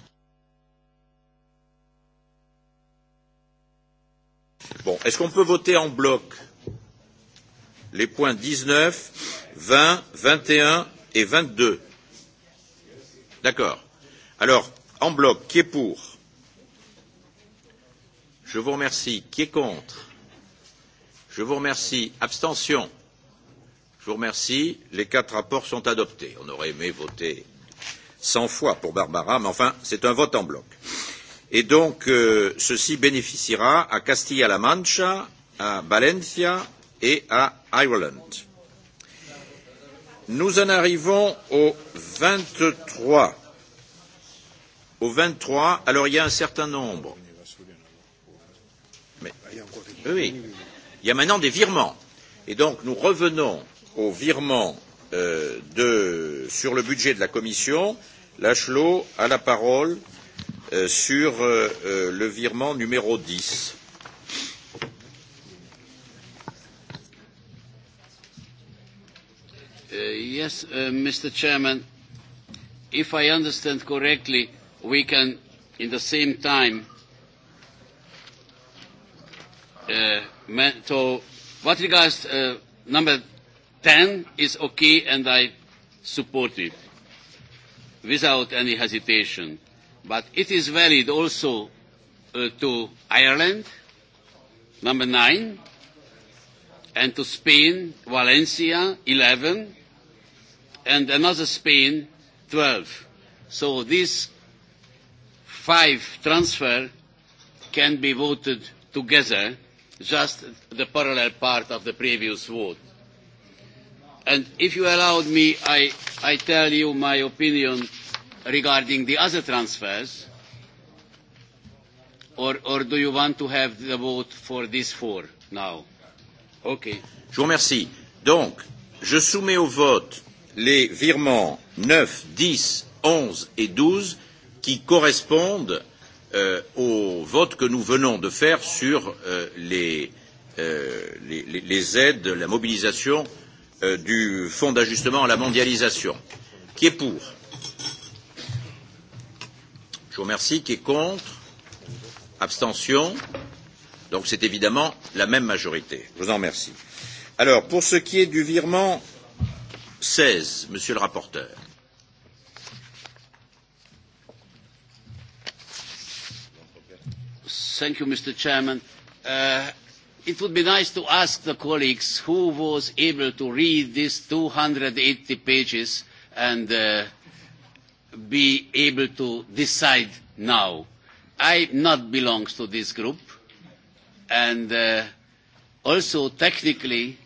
Bon, est-ce qu'on peut voter en bloc les points 19, 20, 21 et 22 D'accord. Alors, en bloc, qui est pour Je vous remercie. Qui est contre Je vous remercie. Abstention Je vous remercie. Les quatre rapports sont adoptés. On aurait aimé voter cent fois pour Barbara, mais enfin, c'est un vote en bloc. Et donc, ceci bénéficiera à Castilla-La Mancha, à Valencia et à Ireland. Nous en arrivons au 23. Au 23, alors il y a un certain nombre. Mais, oui, il y a maintenant des virements. Et donc nous revenons au virement sur le budget de la Commission, Lachelot a la parole sur le virement numéro dix. Yes, Mr. Chairman, if I understand correctly, we can, in the same time, to what regards number 10 is okay and I support it without any hesitation. But it is valid also uh, to Ireland, number 9, and to Spain, Valencia, 11, and another Spain, 12. So these five transfer can be voted together, just the parallel part of the previous vote. And if you allowed me, I, I tell you my opinion regarding the other transfers. Or, or do you want to have the vote for these four now? Okay. Je vous remercie. Donc, je soumets au vote les virements 9, 10, 11 et 12 qui correspondent euh, au vote que nous venons de faire sur euh, les, euh, les, les aides, la mobilisation euh, du Fonds d'ajustement à la mondialisation. Qui est pour Je vous remercie. Qui est contre Abstention Donc c'est évidemment la même majorité. Je vous en remercie. Alors, pour ce qui est du virement seize, monsieur le rapporteur. Thank you, Mr. Chairman. Uh, it would be nice to ask the colleagues who was able to read these 280 pages and uh, be able to decide now. I not belong to this group, and uh, also technically,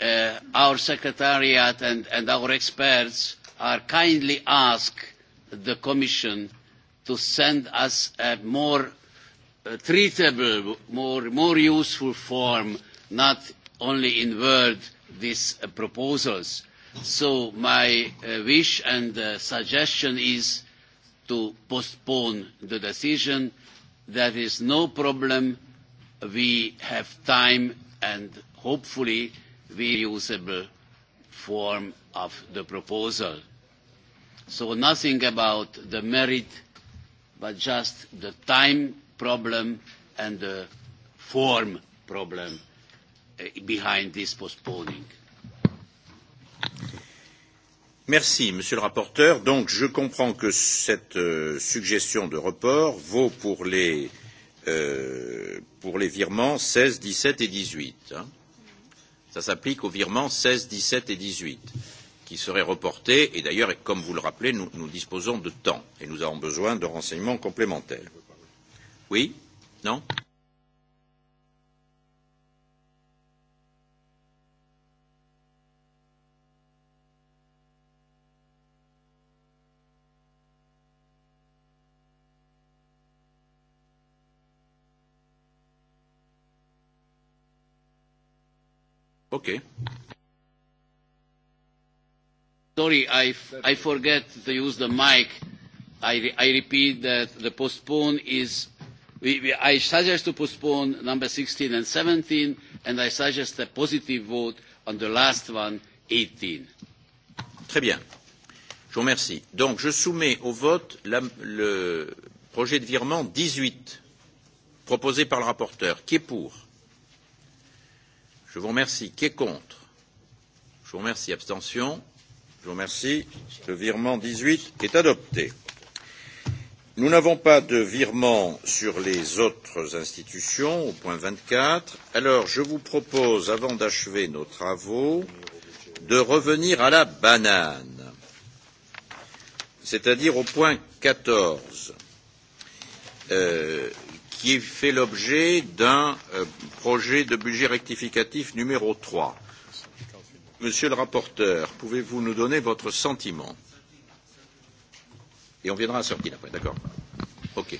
uh, our secretariat and, and our experts are kindly asked the Commission to send us a more treatable, more, more useful form, not only in word, these proposals. So my wish and suggestion is to postpone the decision. There is no problem. We have time and hopefully we usable form of the proposal. So nothing about the merit, but just the time problem and the form problem behind this postponing. Merci, Monsieur le rapporteur. Donc, je comprends que cette suggestion de report vaut pour les, pour les virements seize, dix sept et dix huit. Ça s'applique aux virements seize, dix sept et dix huit, qui seraient reportés. Et d'ailleurs, comme vous le rappelez, nous, disposons de temps et nous avons besoin de renseignements complémentaires. Oui Non Okay. Sorry, I, I forget to use the mic. I, I repeat that the postpone is We, we, I suggest to postpone number 16 and 17, and I suggest a positive vote on the last one, 18. Très bien. Je vous remercie. Donc, je soumets au vote la, le projet de virement 18, proposé par le rapporteur. Qui est pour Je vous remercie. Qui est contre Je vous remercie. Abstention Je vous remercie. Le virement 18 est adopté. Nous n'avons pas de virement sur les autres institutions au point vingt quatre, Alors je vous propose, avant d'achever nos travaux, de revenir à la banane, c'est-à-dire au point quatorze, qui fait l'objet d'un projet de budget rectificatif numéro trois. Monsieur le rapporteur, pouvez-vous nous donner votre sentiment Et on viendra à sortir après, d'accord OK.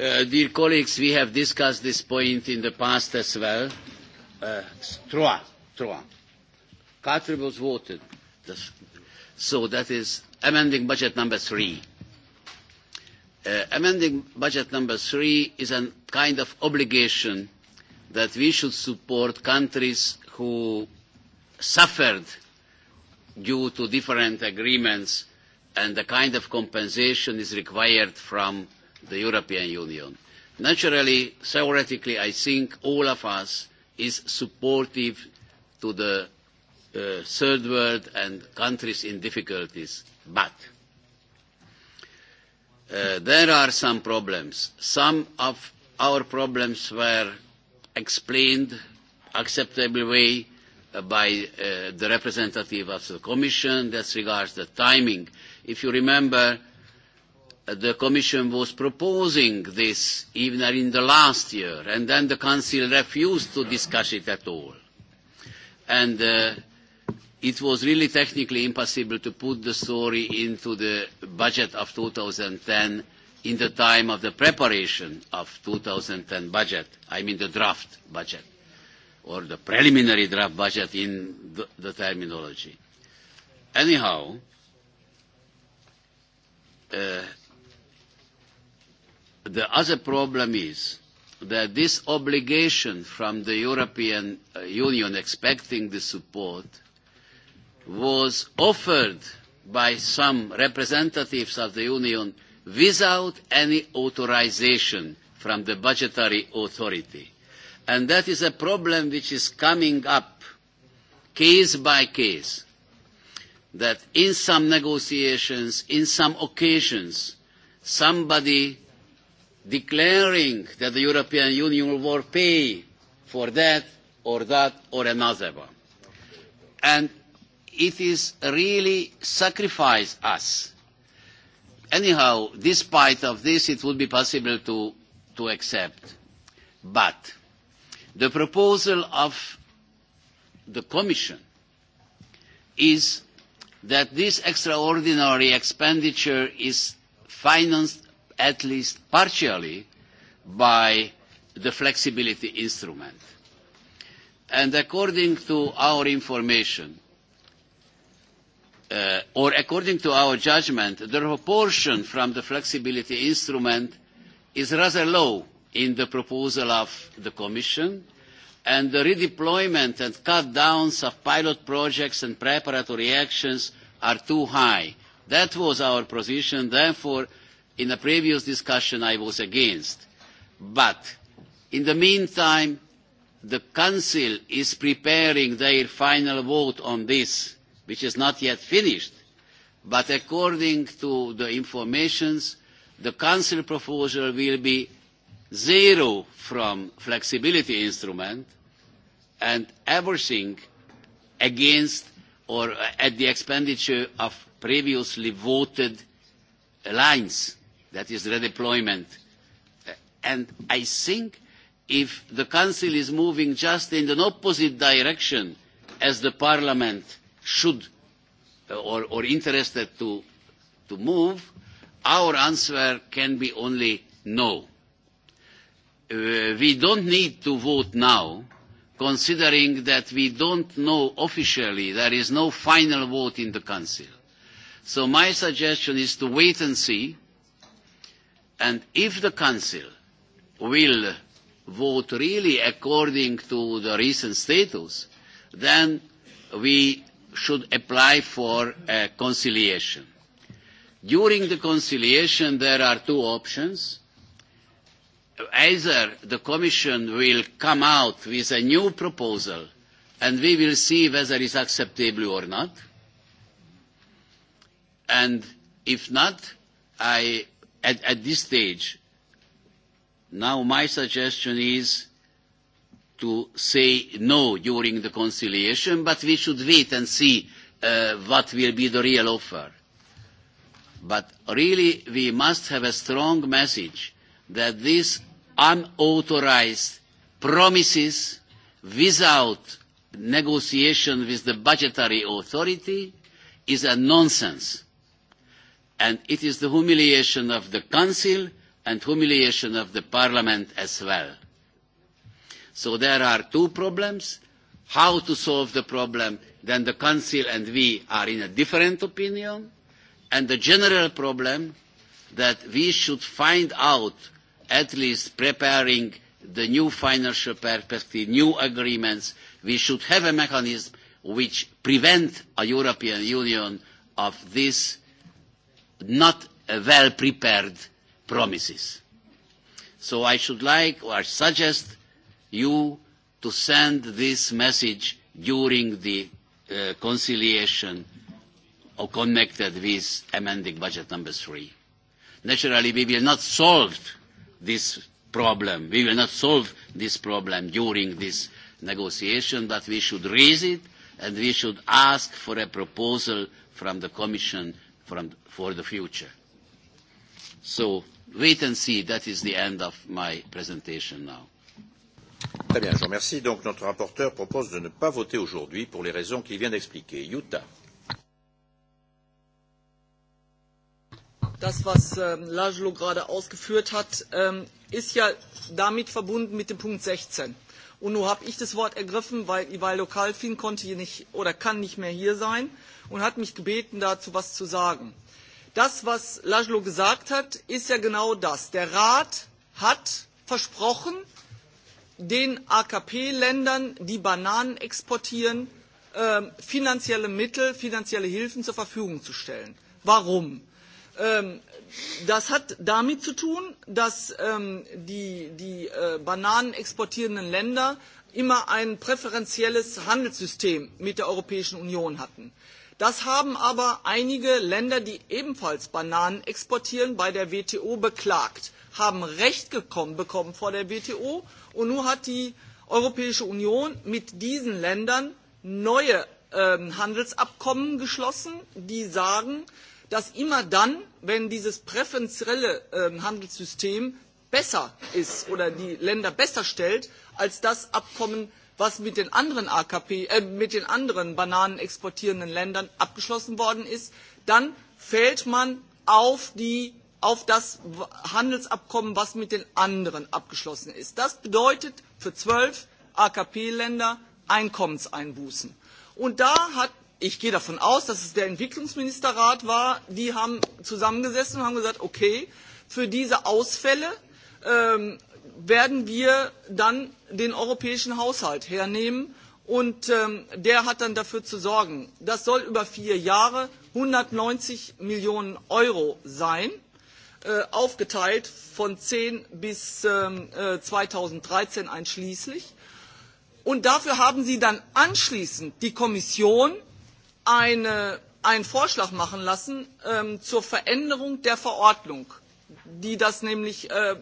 Uh, dear colleagues, we have discussed this point in the past as well. Uh, trois, trois. Quatre was voted. So that is amending budget number three. Uh, amending budget number three is a kind of obligation that we should support countries who suffered due to different agreements and the kind of compensation is required from the European Union. Naturally, theoretically, I think all of us is supportive to the uh, third world and countries in difficulties, but uh, there are some problems. Some of our problems were explained acceptable way by uh, the representative of the Commission as regards the timing. If you remember, the Commission was proposing this even in the last year, and then the Council refused to discuss it at all. And uh, it was really technically impossible to put the story into the budget of 2010 in the time of the preparation of 2010 budget, I mean the draft budget or the preliminary draft budget in the, the terminology. Anyhow, uh, the other problem is that this obligation from the European Union expecting the support was offered by some representatives of the Union without any authorization from the budgetary authority. And that is a problem which is coming up case by case. That in some negotiations, in some occasions, somebody declaring that the European Union will pay for that or that or another one. And it is really sacrifice us. Anyhow, despite of this, it would be possible to, to accept. But The proposal of the Commission is that this extraordinary expenditure is financed at least partially by the flexibility instrument. And according to our information, uh, or according to our judgment, the proportion from the flexibility instrument is rather low in the proposal of the Commission, and the redeployment and cut downs of pilot projects and preparatory actions are too high. That was our position. Therefore, in a previous discussion, I was against. But in the meantime, the Council is preparing their final vote on this, which is not yet finished. But according to the information, the Council proposal will be zero from flexibility instrument, and everything against or at the expenditure of previously voted lines, that is redeployment. And I think if the Council is moving just in the opposite direction as the Parliament should or, or interested to, to move, our answer can be only no we don't need to vote now, considering that we don't know officially, there is no final vote in the Council. So my suggestion is to wait and see, and if the Council will vote really according to the recent status, then we should apply for conciliation. During the conciliation, there are two options either the Commission will come out with a new proposal and we will see whether it is acceptable or not. And if not, I, at, at this stage, now my suggestion is to say no during the conciliation, but we should wait and see uh, what will be the real offer. But really, we must have a strong message that this unauthorized promises without negotiation with the budgetary authority is a nonsense. And it is the humiliation of the Council and humiliation of the Parliament as well. So there are two problems. How to solve the problem, then the Council and we are in a different opinion. And the general problem that we should find out at least preparing the new financial perspective, new agreements, we should have a mechanism which prevents a European Union of these not well-prepared promises. So I should like or suggest you to send this message during the uh, conciliation or connected with amending budget number three. Naturally, we will not solve this problem. We will not solve this problem during this negotiation, but we should raise it and we should ask for a proposal from the Commission from, for the future. So wait and see. That is the end of my presentation now. Très bien, je vous remercie. Donc notre rapporteur propose de ne pas voter aujourd'hui pour les raisons qu'il vient d'expliquer. Utah. das, was Lajlo gerade ausgeführt hat, ist ja damit verbunden mit dem Punkt 16. Und nun habe ich das Wort ergriffen, weil Ivaldo Kalfin konnte hier nicht oder kann nicht mehr hier sein und hat mich gebeten, dazu etwas zu sagen. Das, was Lajlo gesagt hat, ist ja genau das. Der Rat hat versprochen, den AKP-Ländern, die Bananen exportieren, finanzielle Mittel, finanzielle Hilfen zur Verfügung zu stellen. Warum? das hat damit zu tun, dass die, Bananen exportierenden Länder immer ein präferenzielles Handelssystem mit der Europäischen Union hatten. Das haben aber einige Länder, die ebenfalls Bananen exportieren, bei der WTO beklagt, haben Recht bekommen vor der WTO und nun hat die Europäische Union mit diesen Ländern neue Handelsabkommen geschlossen, die sagen, dass immer dann, wenn dieses präferentielle Handelssystem besser ist oder die Länder besser stellt als das Abkommen, was mit den anderen AKP, äh, mit den anderen Bananen exportierenden Ländern abgeschlossen worden ist, dann fällt man auf die auf das Handelsabkommen, was mit den anderen abgeschlossen ist. Das bedeutet für zwölf AKP-Länder Einkommenseinbußen. Und da hat ich gehe davon aus, dass es der Entwicklungsministerrat war, die haben zusammengesessen und haben gesagt, okay, für diese Ausfälle ähm, werden wir dann den europäischen Haushalt hernehmen und der hat dann dafür zu sorgen. Das soll über vier Jahre 190 Millionen Euro sein, aufgeteilt von 10 bis ähm, äh, 2013 einschließlich. Und dafür haben Sie dann anschließend die Kommission eine, einen Vorschlag machen lassen ähm, zur Veränderung der Verordnung, die das nämlich äh,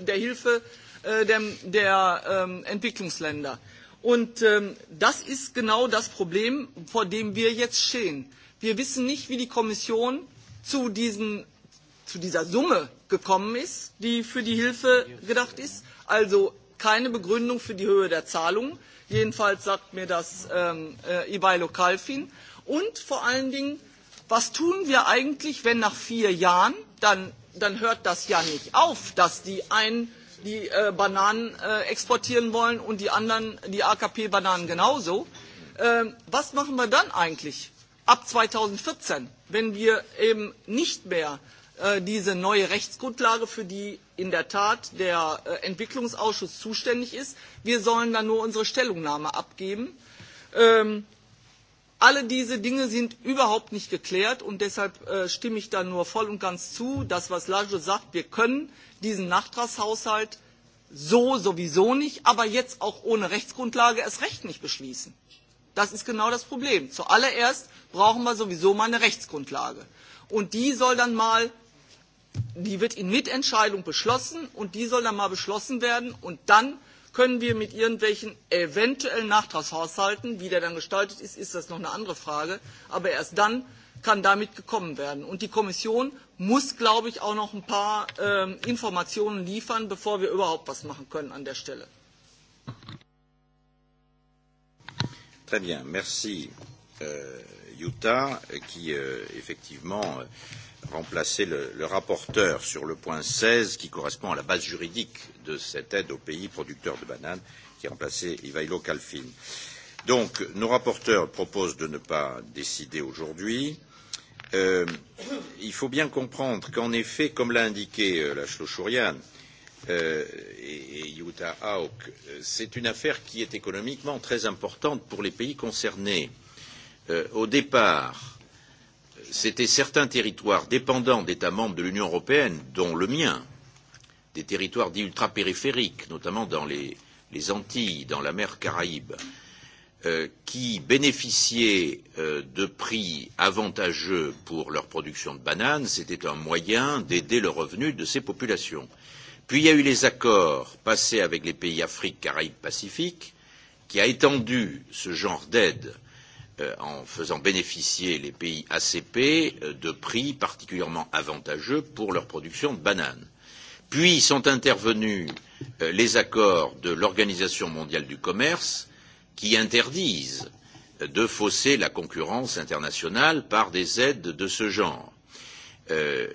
der Hilfe äh, der, der ähm, Entwicklungsländer. Und ähm, das ist genau das Problem, vor dem wir jetzt stehen. Wir wissen nicht, wie die Kommission zu, diesen, zu dieser Summe gekommen ist, die für die Hilfe gedacht ist. Also keine Begründung für die Höhe der Zahlungen. Jedenfalls sagt mir das ähm, äh, Ibailo Kalfin. Und vor allen Dingen, was tun wir eigentlich, wenn nach vier Jahren, dann, dann hört das ja nicht auf, dass die einen die äh, Bananen äh, exportieren wollen und die anderen die AKP-Bananen genauso. was machen wir dann eigentlich ab 2014, wenn wir eben nicht mehr diese neue Rechtsgrundlage, für die in der Tat der Entwicklungsausschuss zuständig ist, wir sollen dann nur unsere Stellungnahme abgeben. Alle diese Dinge sind überhaupt nicht geklärt und deshalb stimme ich da nur voll und ganz zu. Das, was Lajo sagt, wir können diesen Nachtragshaushalt so sowieso nicht, aber jetzt auch ohne Rechtsgrundlage erst recht nicht beschließen. Das ist genau das Problem. Zuallererst brauchen wir sowieso mal eine Rechtsgrundlage. Und die soll dann mal, die wird in Mitentscheidung beschlossen und die soll dann mal beschlossen werden und dann können wir mit irgendwelchen eventuellen Nachtragshaushalten, wie der dann gestaltet ist, ist das noch eine andere Frage, aber erst dann kann damit gekommen werden. Und die Kommission muss, glaube ich, auch noch ein paar Informationen liefern, bevor wir überhaupt etwas machen können an der Stelle. Très bien, merci Jutta, qui effectivement remplacer le, le rapporteur sur le point 16 qui correspond à la base juridique de cette aide aux pays producteurs de bananes qui a remplacé Ivailo Calfin. Donc, nos rapporteurs proposent de ne pas décider aujourd'hui. Euh, il faut bien comprendre qu'en effet, comme l'a indiqué euh, la Chlochourian euh, et, et Jutta Haug, c'est une affaire qui est économiquement très importante pour les pays concernés. Euh, au départ, c'était certains territoires dépendants d'États membres de l'Union européenne, dont le mien, des territoires dits ultrapériphériques, notamment dans les, les Antilles, dans la mer Caraïbe, qui bénéficiaient de prix avantageux pour leur production de bananes, c'était un moyen d'aider le revenu de ces populations. Puis il y a eu les accords passés avec les pays Afrique, Caraïbes, Pacifique, qui a étendu ce genre d'aide en faisant bénéficier les pays ACP de prix particulièrement avantageux pour leur production de bananes. Puis sont intervenus les accords de l'Organisation mondiale du commerce qui interdisent de fausser la concurrence internationale par des aides de ce genre.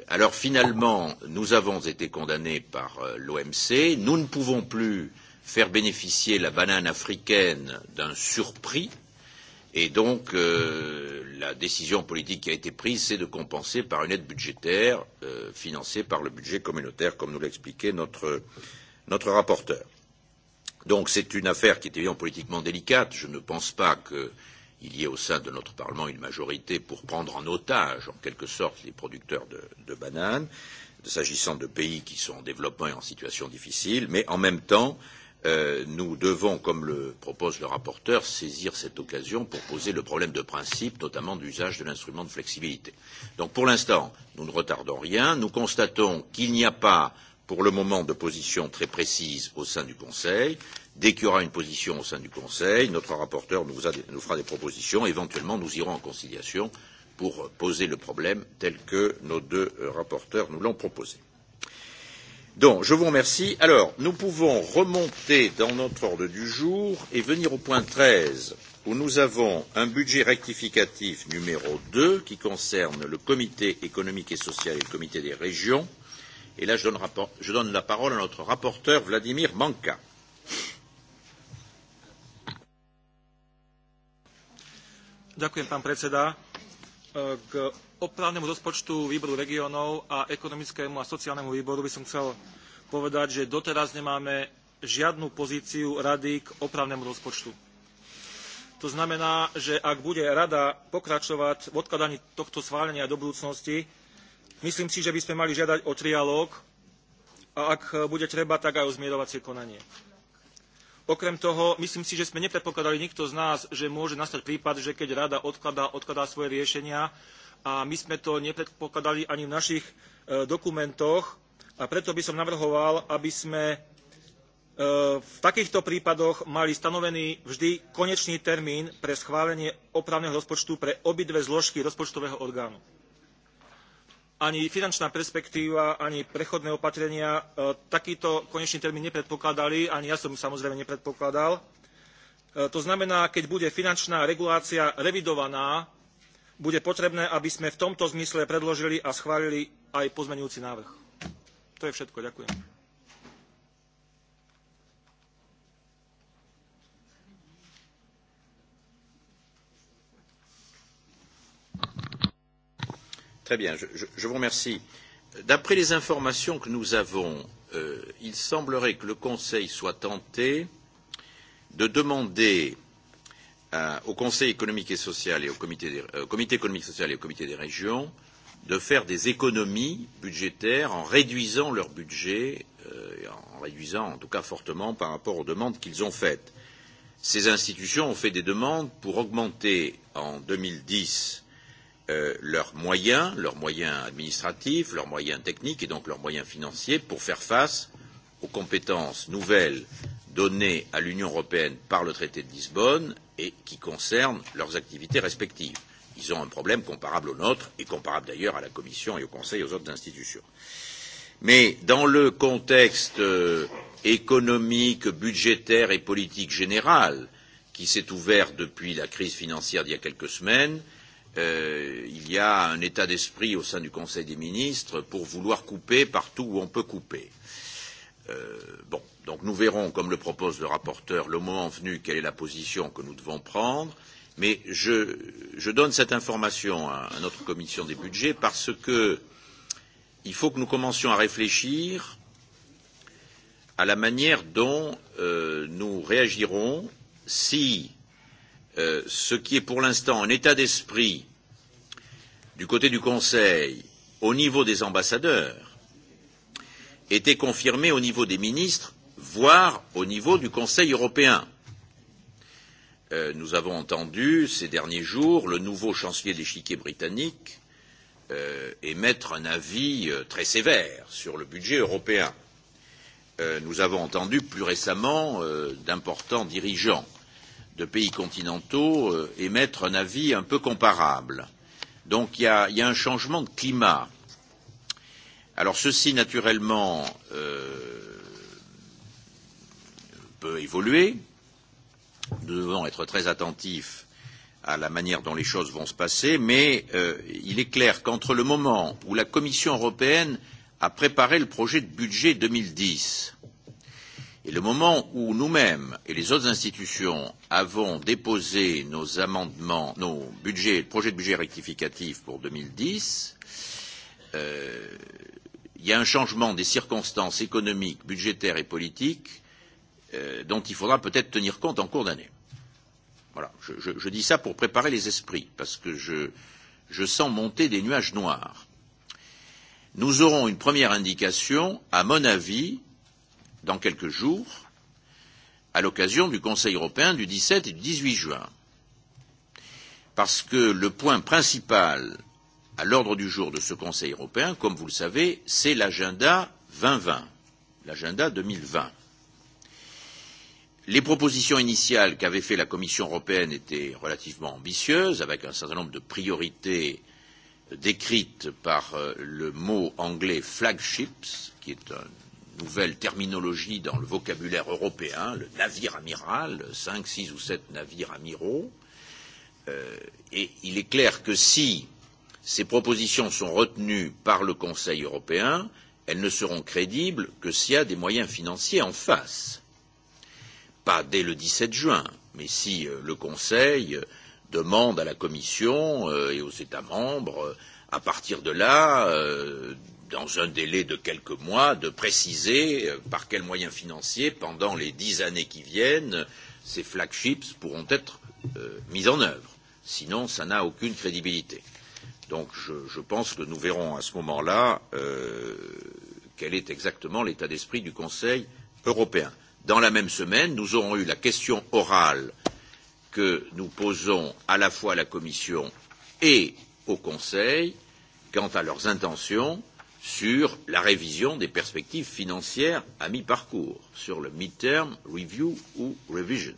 alors finalement, nous avons été condamnés par l'OMC, nous ne pouvons plus faire bénéficier la banane africaine d'un surprix Et donc, la décision politique qui a été prise, c'est de compenser par une aide budgétaire financée par le budget communautaire, comme nous l'expliquait notre, rapporteur. Donc, c'est une affaire qui est évidemment politiquement délicate. Je ne pense pas qu'il y ait au sein de notre Parlement une majorité pour prendre en otage, en quelque sorte, les producteurs de, bananes, s'agissant de pays qui sont en développement et en situation difficile. Mais en même temps, euh, nous devons, comme le propose le rapporteur, saisir cette occasion pour poser le problème de principe, notamment d'usage de l'instrument de flexibilité. Donc pour l'instant, nous ne retardons rien. Nous constatons qu'il n'y a pas, pour le moment, de position très précise au sein du Conseil. Dès qu'il y aura une position au sein du Conseil, notre rapporteur nous, fera des propositions. Éventuellement, nous irons en conciliation pour poser le problème tel que nos deux rapporteurs nous l'ont proposé. Donc, je vous remercie. Alors, nous pouvons remonter dans notre ordre du jour et venir au point treize, où nous avons un budget rectificatif numéro deux, qui concerne le comité économique et social et le comité des régions. Et là, je donne, je donne la parole à notre rapporteur Vladimir Manka o právnemu rozpočtu výboru regiónov a ekonomickému a sociálnemu výboru by som chcel povedať, že doteraz nemáme žiadnu pozíciu rady k opravnému rozpočtu. To znamená, že ak bude rada pokračovať v odkladaní tohto schválenia do budúcnosti, myslím si, že by sme mali žiadať o trialóg a ak bude treba, tak aj o zmierovacie konanie. Okrem toho, myslím si, že sme nepredpokladali nikto z nás, že môže nastať prípad, že keď rada odkladá, odkladá svoje riešenia a my sme to nepredpokladali ani v našich dokumentoch a preto by som navrhoval, aby sme v takýchto prípadoch mali stanovený vždy konečný termín pre schválenie opravného rozpočtu pre obidve zložky rozpočtového orgánu ani finančná perspektíva, ani prechodné opatrenia takýto konečný termín nepredpokladali, ani ja som samozrejme nepredpokladal. To znamená, keď bude finančná regulácia revidovaná, bude potrebné, aby sme v tomto zmysle predložili a schválili aj pozmenujúci návrh. To je všetko. Ďakujem. Très bien, je, je, je vous remercie. D'après les informations que nous avons, euh, il semblerait que le Conseil soit tenté de demander au Conseil économique et social et au comité, des, euh, comité économique social et au comité des régions de faire des économies budgétaires en réduisant leur budget, euh, en réduisant en tout cas fortement par rapport aux demandes qu'ils ont faites. Ces institutions ont fait des demandes pour augmenter en 2010 leurs moyens, leurs moyens administratifs, leurs moyens techniques et donc leurs moyens financiers pour faire face aux compétences nouvelles données à l'Union européenne par le traité de Lisbonne et qui concernent leurs activités respectives. Ils ont un problème comparable au nôtre et comparable d'ailleurs à la Commission et au Conseil et aux autres institutions. Mais dans le contexte économique, budgétaire et politique général qui s'est ouvert depuis la crise financière d'il y a quelques semaines, il y a un état d'esprit au sein du Conseil des ministres pour vouloir couper partout où on peut couper. bon, donc nous verrons, comme le propose le rapporteur, le moment venu, quelle est la position que nous devons prendre. Mais je, donne cette information à, notre commission des budgets parce que il faut que nous commencions à réfléchir à la manière dont nous réagirons si ce qui est pour l'instant un état d'esprit du côté du Conseil au niveau des ambassadeurs était confirmé au niveau des ministres, voire au niveau du Conseil européen. nous avons entendu ces derniers jours le nouveau chancelier de l'échiquier britannique émettre un avis très sévère sur le budget européen. nous avons entendu plus récemment d'importants dirigeants de pays continentaux émettre un avis un peu comparable. Donc il y a, y a un changement de climat. Alors ceci, naturellement, euh, peut évoluer. Nous devons être très attentifs à la manière dont les choses vont se passer, mais euh, il est clair qu'entre le moment où la Commission européenne a préparé le projet de budget 2010 Et le moment où nous-mêmes et les autres institutions avons déposé nos amendements, nos budgets, le projet de budget rectificatif pour 2010, euh, il y a un changement des circonstances économiques, budgétaires et politiques euh, dont il faudra peut-être tenir compte en cours d'année. Voilà, je, je, je dis ça pour préparer les esprits, parce que je, je sens monter des nuages noirs. Nous aurons une première indication, à mon avis, dans quelques jours, à l'occasion du Conseil européen du dix sept et du dix huit juin. Parce que le point principal à l'ordre du jour de ce Conseil européen, comme vous le savez, c'est l'agenda deux mille vingt, l'agenda deux mille vingt. Les propositions initiales qu'avait fait la Commission européenne étaient relativement ambitieuses, avec un certain nombre de priorités décrites par le mot anglais flagships, qui est un nouvelle terminologie dans le vocabulaire européen, le navire amiral, cinq, six ou sept navires amiraux. et il est clair que si ces propositions sont retenues par le Conseil européen, elles ne seront crédibles que s'il y a des moyens financiers en face. Pas dès le dix sept juin, mais si le Conseil demande à la Commission et aux États membres, à partir de là, dans un délai de quelques mois, de préciser par quels moyens financiers, pendant les dix années qui viennent, ces flagships pourront être mis en œuvre. Sinon, ça n'a aucune crédibilité. Donc je, pense que nous verrons à ce moment-là quel est exactement l'état d'esprit du Conseil européen. Dans la même semaine, nous aurons eu la question orale que nous posons à la fois à la Commission et au Conseil quant à leurs intentions sur la révision des perspectives financières à mi-parcours, sur le mid-term review ou revision.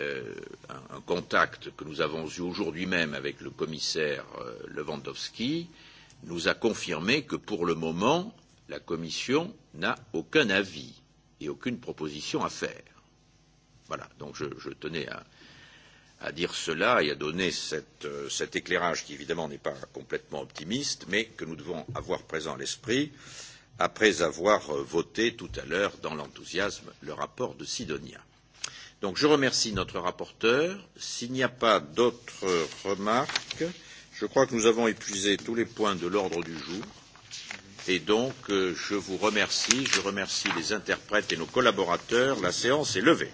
Euh, un, un contact que nous avons eu aujourd'hui même avec le commissaire euh, Lewandowski nous a confirmé que pour le moment, la Commission n'a aucun avis et aucune proposition à faire. Voilà, donc je, je tenais à, à dire cela et à donner cet éclairage qui évidemment n'est pas complètement optimiste, mais que nous devons avoir présent à l'esprit après avoir voté tout à l'heure dans l'enthousiasme le rapport de Sidonia. Donc je remercie notre rapporteur. S'il n'y a pas d'autres remarques, je crois que nous avons épuisé tous les points de l'ordre du jour. Et donc, je vous remercie, je remercie les interprètes et nos collaborateurs. La séance est levée.